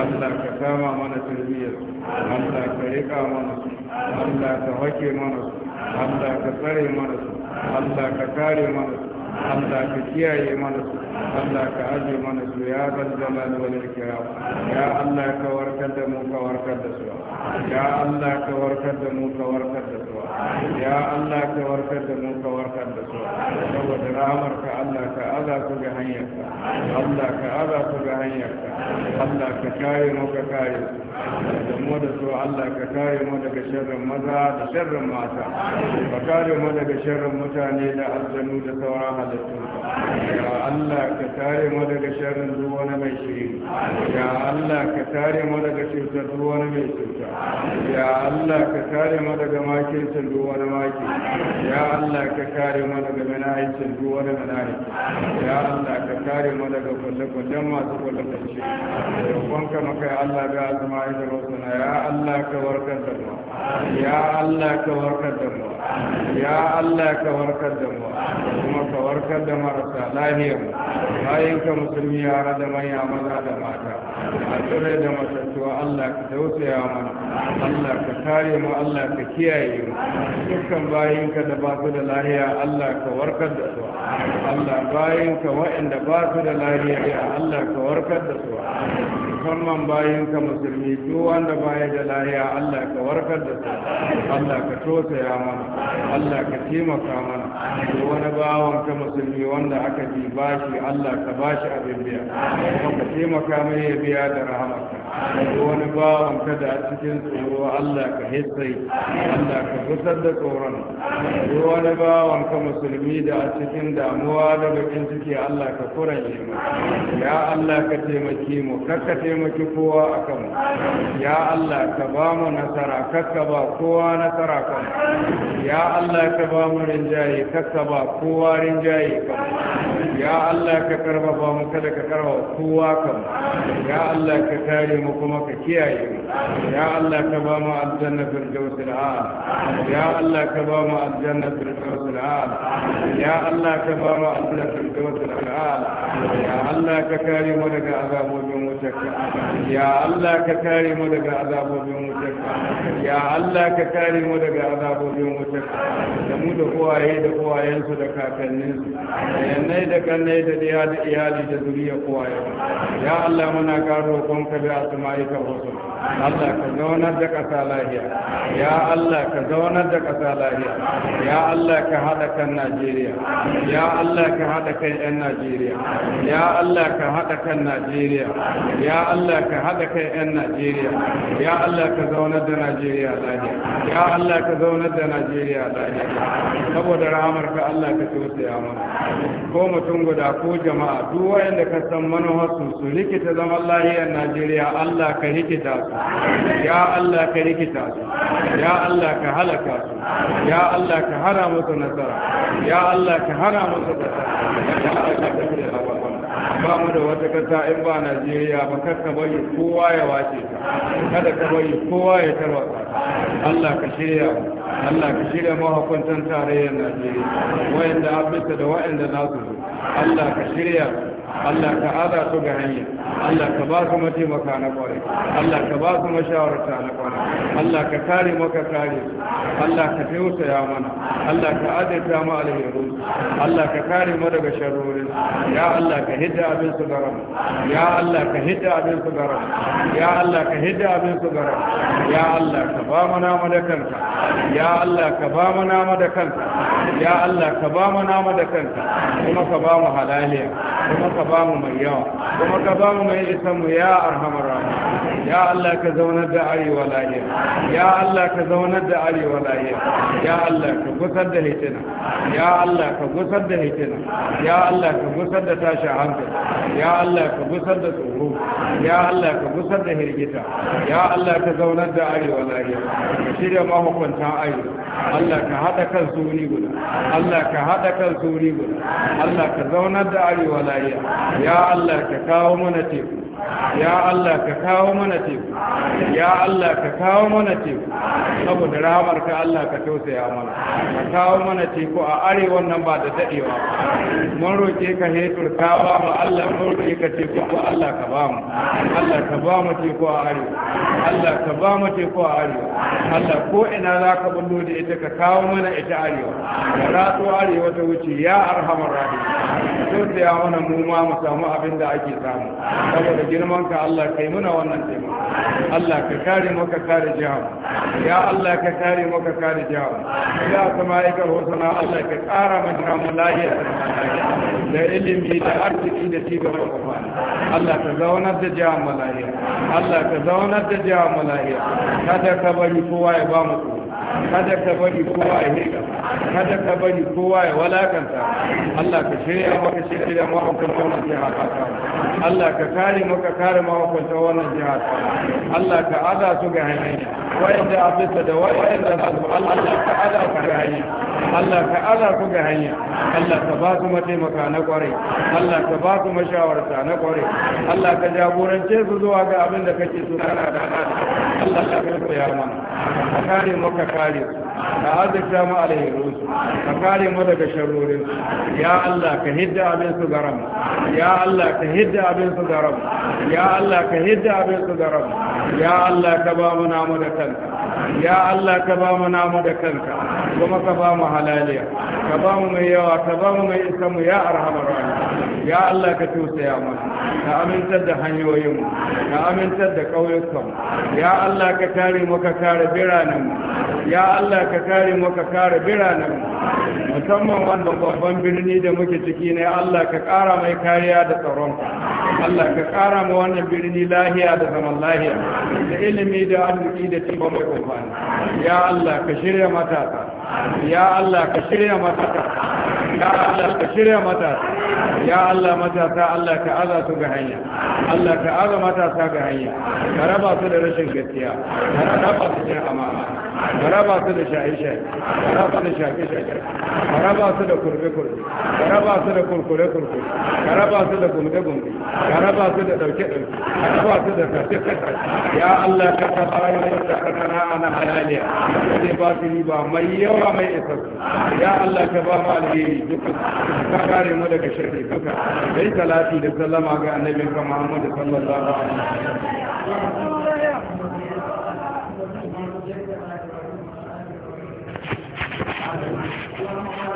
Allah ka kama mana tarbiyyar su Allah ka rika mana su Allah ka hake mana su Allah ka tsare mana su Allah ka kare mana su Allah ka kiyaye mana su Allah ka aje mana su ya zalzala wani ikram ya Allah ka warkar da mu ka warkar da su ya Allah ka warkar da mu ka warkar da su ya Allah ka warkar da mu ka warkar da su saboda ramar ka Allah ka aza su ga hanyar ka Allah ka aza su ga hanyar ka Allah ka kare mu ka kare da mu da su Allah ka kare mu daga sharrin maza da sharrin mata ka kare mu daga sharrin mutane da aljanu da sauran halittu ya Allah ka kare mu daga sharrin duk na mai shiri ya Allah ka kare mu daga cutar duk na mai cuta ya Allah ka kare mu daga makirta aikin duk wani maki ya Allah ka kare mu daga mana aikin duk wani manari ya Allah ka kare mu daga kwalle-kwallen masu kwalle-kwalle da kwanka maka ya Allah ga azuma da rosana ya Allah ka warkar da mu ya Allah ka warkar da mu ya Allah ka warkar da mu kuma ka warkar da marasa lahiyar bayan ka musulmi yara da manya maza da mata a tsire da matattuwa Allah ka tausaya mana Allah ka kare mu Allah ka kiyaye mu dukkan bayinka da ba su da lahiya Allah ka warkar da su Allah bayinka waɗanda ba su da lahiya ya Allah ka warkar da su musamman bayinka musulmi duk wanda baya da lahiya Allah ka warkar da su Allah ka tosaya mana Allah ka taimaka mana duk wani ka musulmi wanda aka ji bashi Allah ka bashi abin biya kuma ka taimaka mai ya biya da rahamarka duk wani bawanka da a cikin tsoro Allah ka hissai Allah ka gusar da tsoron duk wani bawan ka musulmi da a cikin damuwa da bakin ciki Allah ka kuranye mu ya Allah ka taimaki mu kakka taimaki kowa a kanmu ya Allah ka ba mu nasara kakka ba kowa nasara kanmu ya Allah ka ba mu rinjaye kakka ba kowa rinjaye kanmu ya Allah ka karfafa mu kada ka karfafa kowa kanmu ya Allah ka kare mu kuma ka kiyaye mu ya Allah ka ba mu aljanna firdausil a'la يا الله كبام الجنة في الفردوس الأعلى يا الله كبام الجنة في الفردوس الأعلى يا الله ككاري مدك عذاب بموتك يا الله ككاري مدك عذاب بموتك يا الله ككاري مدك عذاب بموتك دمو دقوا هي دقوا ينسو دكا كننسو ينني دكا ني دديا ديا دي ذريه قوا يا الله منا كارو كون كبي اسمائك الحسن الله كزونا دكا صلاحيا يا الله كزونا da ƙasa lahiya ya Allah ka haɗa kan Najeriya ya Allah ka haɗa kan 'yan Najeriya ya Allah ka haɗa kan Najeriya ya Allah ka haɗa kan 'yan Najeriya ya Allah ka zaunar da Najeriya lahiya ya Allah ka zaunar da Najeriya lahiya saboda rahamar ka Allah ka ya mana ko mutum guda ko jama'a duk wanda ka san manufarsu su rikita zaman lahiyar Najeriya Allah ka rikita su ya Allah ka rikita su ya Allah ka halaka halaka su ya Allah ka hana musu nasara ya Allah ka hana musu nasara ba mu da wata kasa in ba Najeriya ba kar ka bari kowa ya wace ka kada ka bayi kowa ya tarwa. Allah ka shirya Allah ka shirya mahukuntan tarayyar Najeriya wayanda abinta da wayanda za su Allah ka shirya Allah ka aza ga hanya Allah ka ba su mataimaka na kwarai Allah ka ba su mashawarta na kwarai Allah ka kare maka kare su Allah ka ya mana Allah ka adalta mu alherin Allah ka kare mu daga sharorin ya Allah ka hidda abin su garam ya Allah ka hidda abin su garam ya Allah ka hidda abin su garam ya Allah ka ba mu nama da kanka ya Allah ka ba mu nama da kanka ya Allah ka ba mu nama da kanka kuma ka ba mu halaliya kuma ka ba mu mai yawa kuma ka ba mu اللهم اقسم يا ارحم الراحمين ya Allah ka zaunar da arewa lahiya ya Allah ka zaunar da arewa lahiya ya Allah ka gusar da hitina ya Allah ka gusar da hitina ya Allah ka gusar da tashi hankali ya Allah ka gusar da tsoro ya Allah ka gusar da hirgita ya Allah ka zaunar da arewa lahiya shirya mahukuntan arewa Allah ka haɗa kan suni guda Allah ka haɗa kan suni guda Allah ka zaunar da arewa lahiya ya Allah ka kawo mana teku ya Allah ka kawo mana teku ya Allah ka kawo mana teku saboda rahamar ka Allah ka tausaya mana ka kawo mana teku a arewan nan ba da dadewa mun roke ka hetur ka ba mu Allah mun roke ka teku ko Allah ka ba mu Allah ka ba mu teku a arewa Allah ka ba mu teku a arewa Allah ko ina za ka bullo da ita ka kawo mana ita arewa ka ratso arewa ta wuce ya arhamar rahim tausaya mana mu ma mu samu abin da ake samu saboda ka Allah kai muna wannan taimako Allah ka kare maka kare jihar ya Allah ka kare maka kare jihar ya sama aikar hosana Allah ka kara mata mu lahiya da ilimi da arziki da ci gaba da Allah ka zauna da jihar mu lahiya Allah ka zauna da jihar mu lahiya kada ka bari kowa ya ba mu tsoro kada ka bari kowa ya hega kada ka bari kowa ya walakanta Allah ka shirya maka shirya mahukunta wannan jiha ta Allah ka kare maka kare mahukunta wannan jiha ta Allah ka ada su ga hanyar wa'anda a bisa da wa'anda su Allah ka ala ku ga hanya Allah ka ala ku ga hanya Allah ka ba su mataimaka na kwarai Allah ka ba su mashawarta na kwarai Allah ka jagorance su zuwa ga abin da kake so kana da Allah ka koya mana ka kare mu ka kare su ka azurta mu alherinsu ka kare mu daga sharorinsu ya Allah ka hidda abin su garam ya Allah ka hidda abin su garam ya Allah ka hidda abin su garam ya Allah ka ba mu namu da kanka ya Allah ka ba mu nama da kanka kuma ka ba mu halaliya ka ba mu mai yawa ka ba mu mai isa mu ya arhamar rahim ya Allah ka tausaya mana ka amintar da hanyoyin mu ka amintar da ƙauyukan ya Allah ka kare mu ka kare biranen mu ya Allah ka kare mu ka kare biranen mu musamman wanda babban birni da muke ciki ne Allah ka ƙara mai kariya da tsaron Allah ka ƙara mu wannan birni lahiya da zaman lahiya da ilimi da arziki da cimma mai ya Allah ka shirya matasa ya Allah ka shirya mata ya Allah ka shirya mata ya Allah matasa Allah ka aza su ga hanya Allah ka aza matasa ga hanya ka raba su da rashin gaskiya ka raba su da amana ka raba su da sha'isha shaye ka raba su da sha'isha shaƙe ka raba su da kurbe-kurbe ka raba su da kurkure-kurkure ka raba su da gumbe-gumbe ka raba su da ɗauke-ɗauke ka raba su da kace ya Allah ka taɓa yin da kana ana halaliya zai ba su riba mai yawa ba mai isassu ya Allah ka ba mu alheri duka ka kare mu daga shirki duka dai salati da sallama ga annabi ka Muhammad sallallahu alaihi wasallam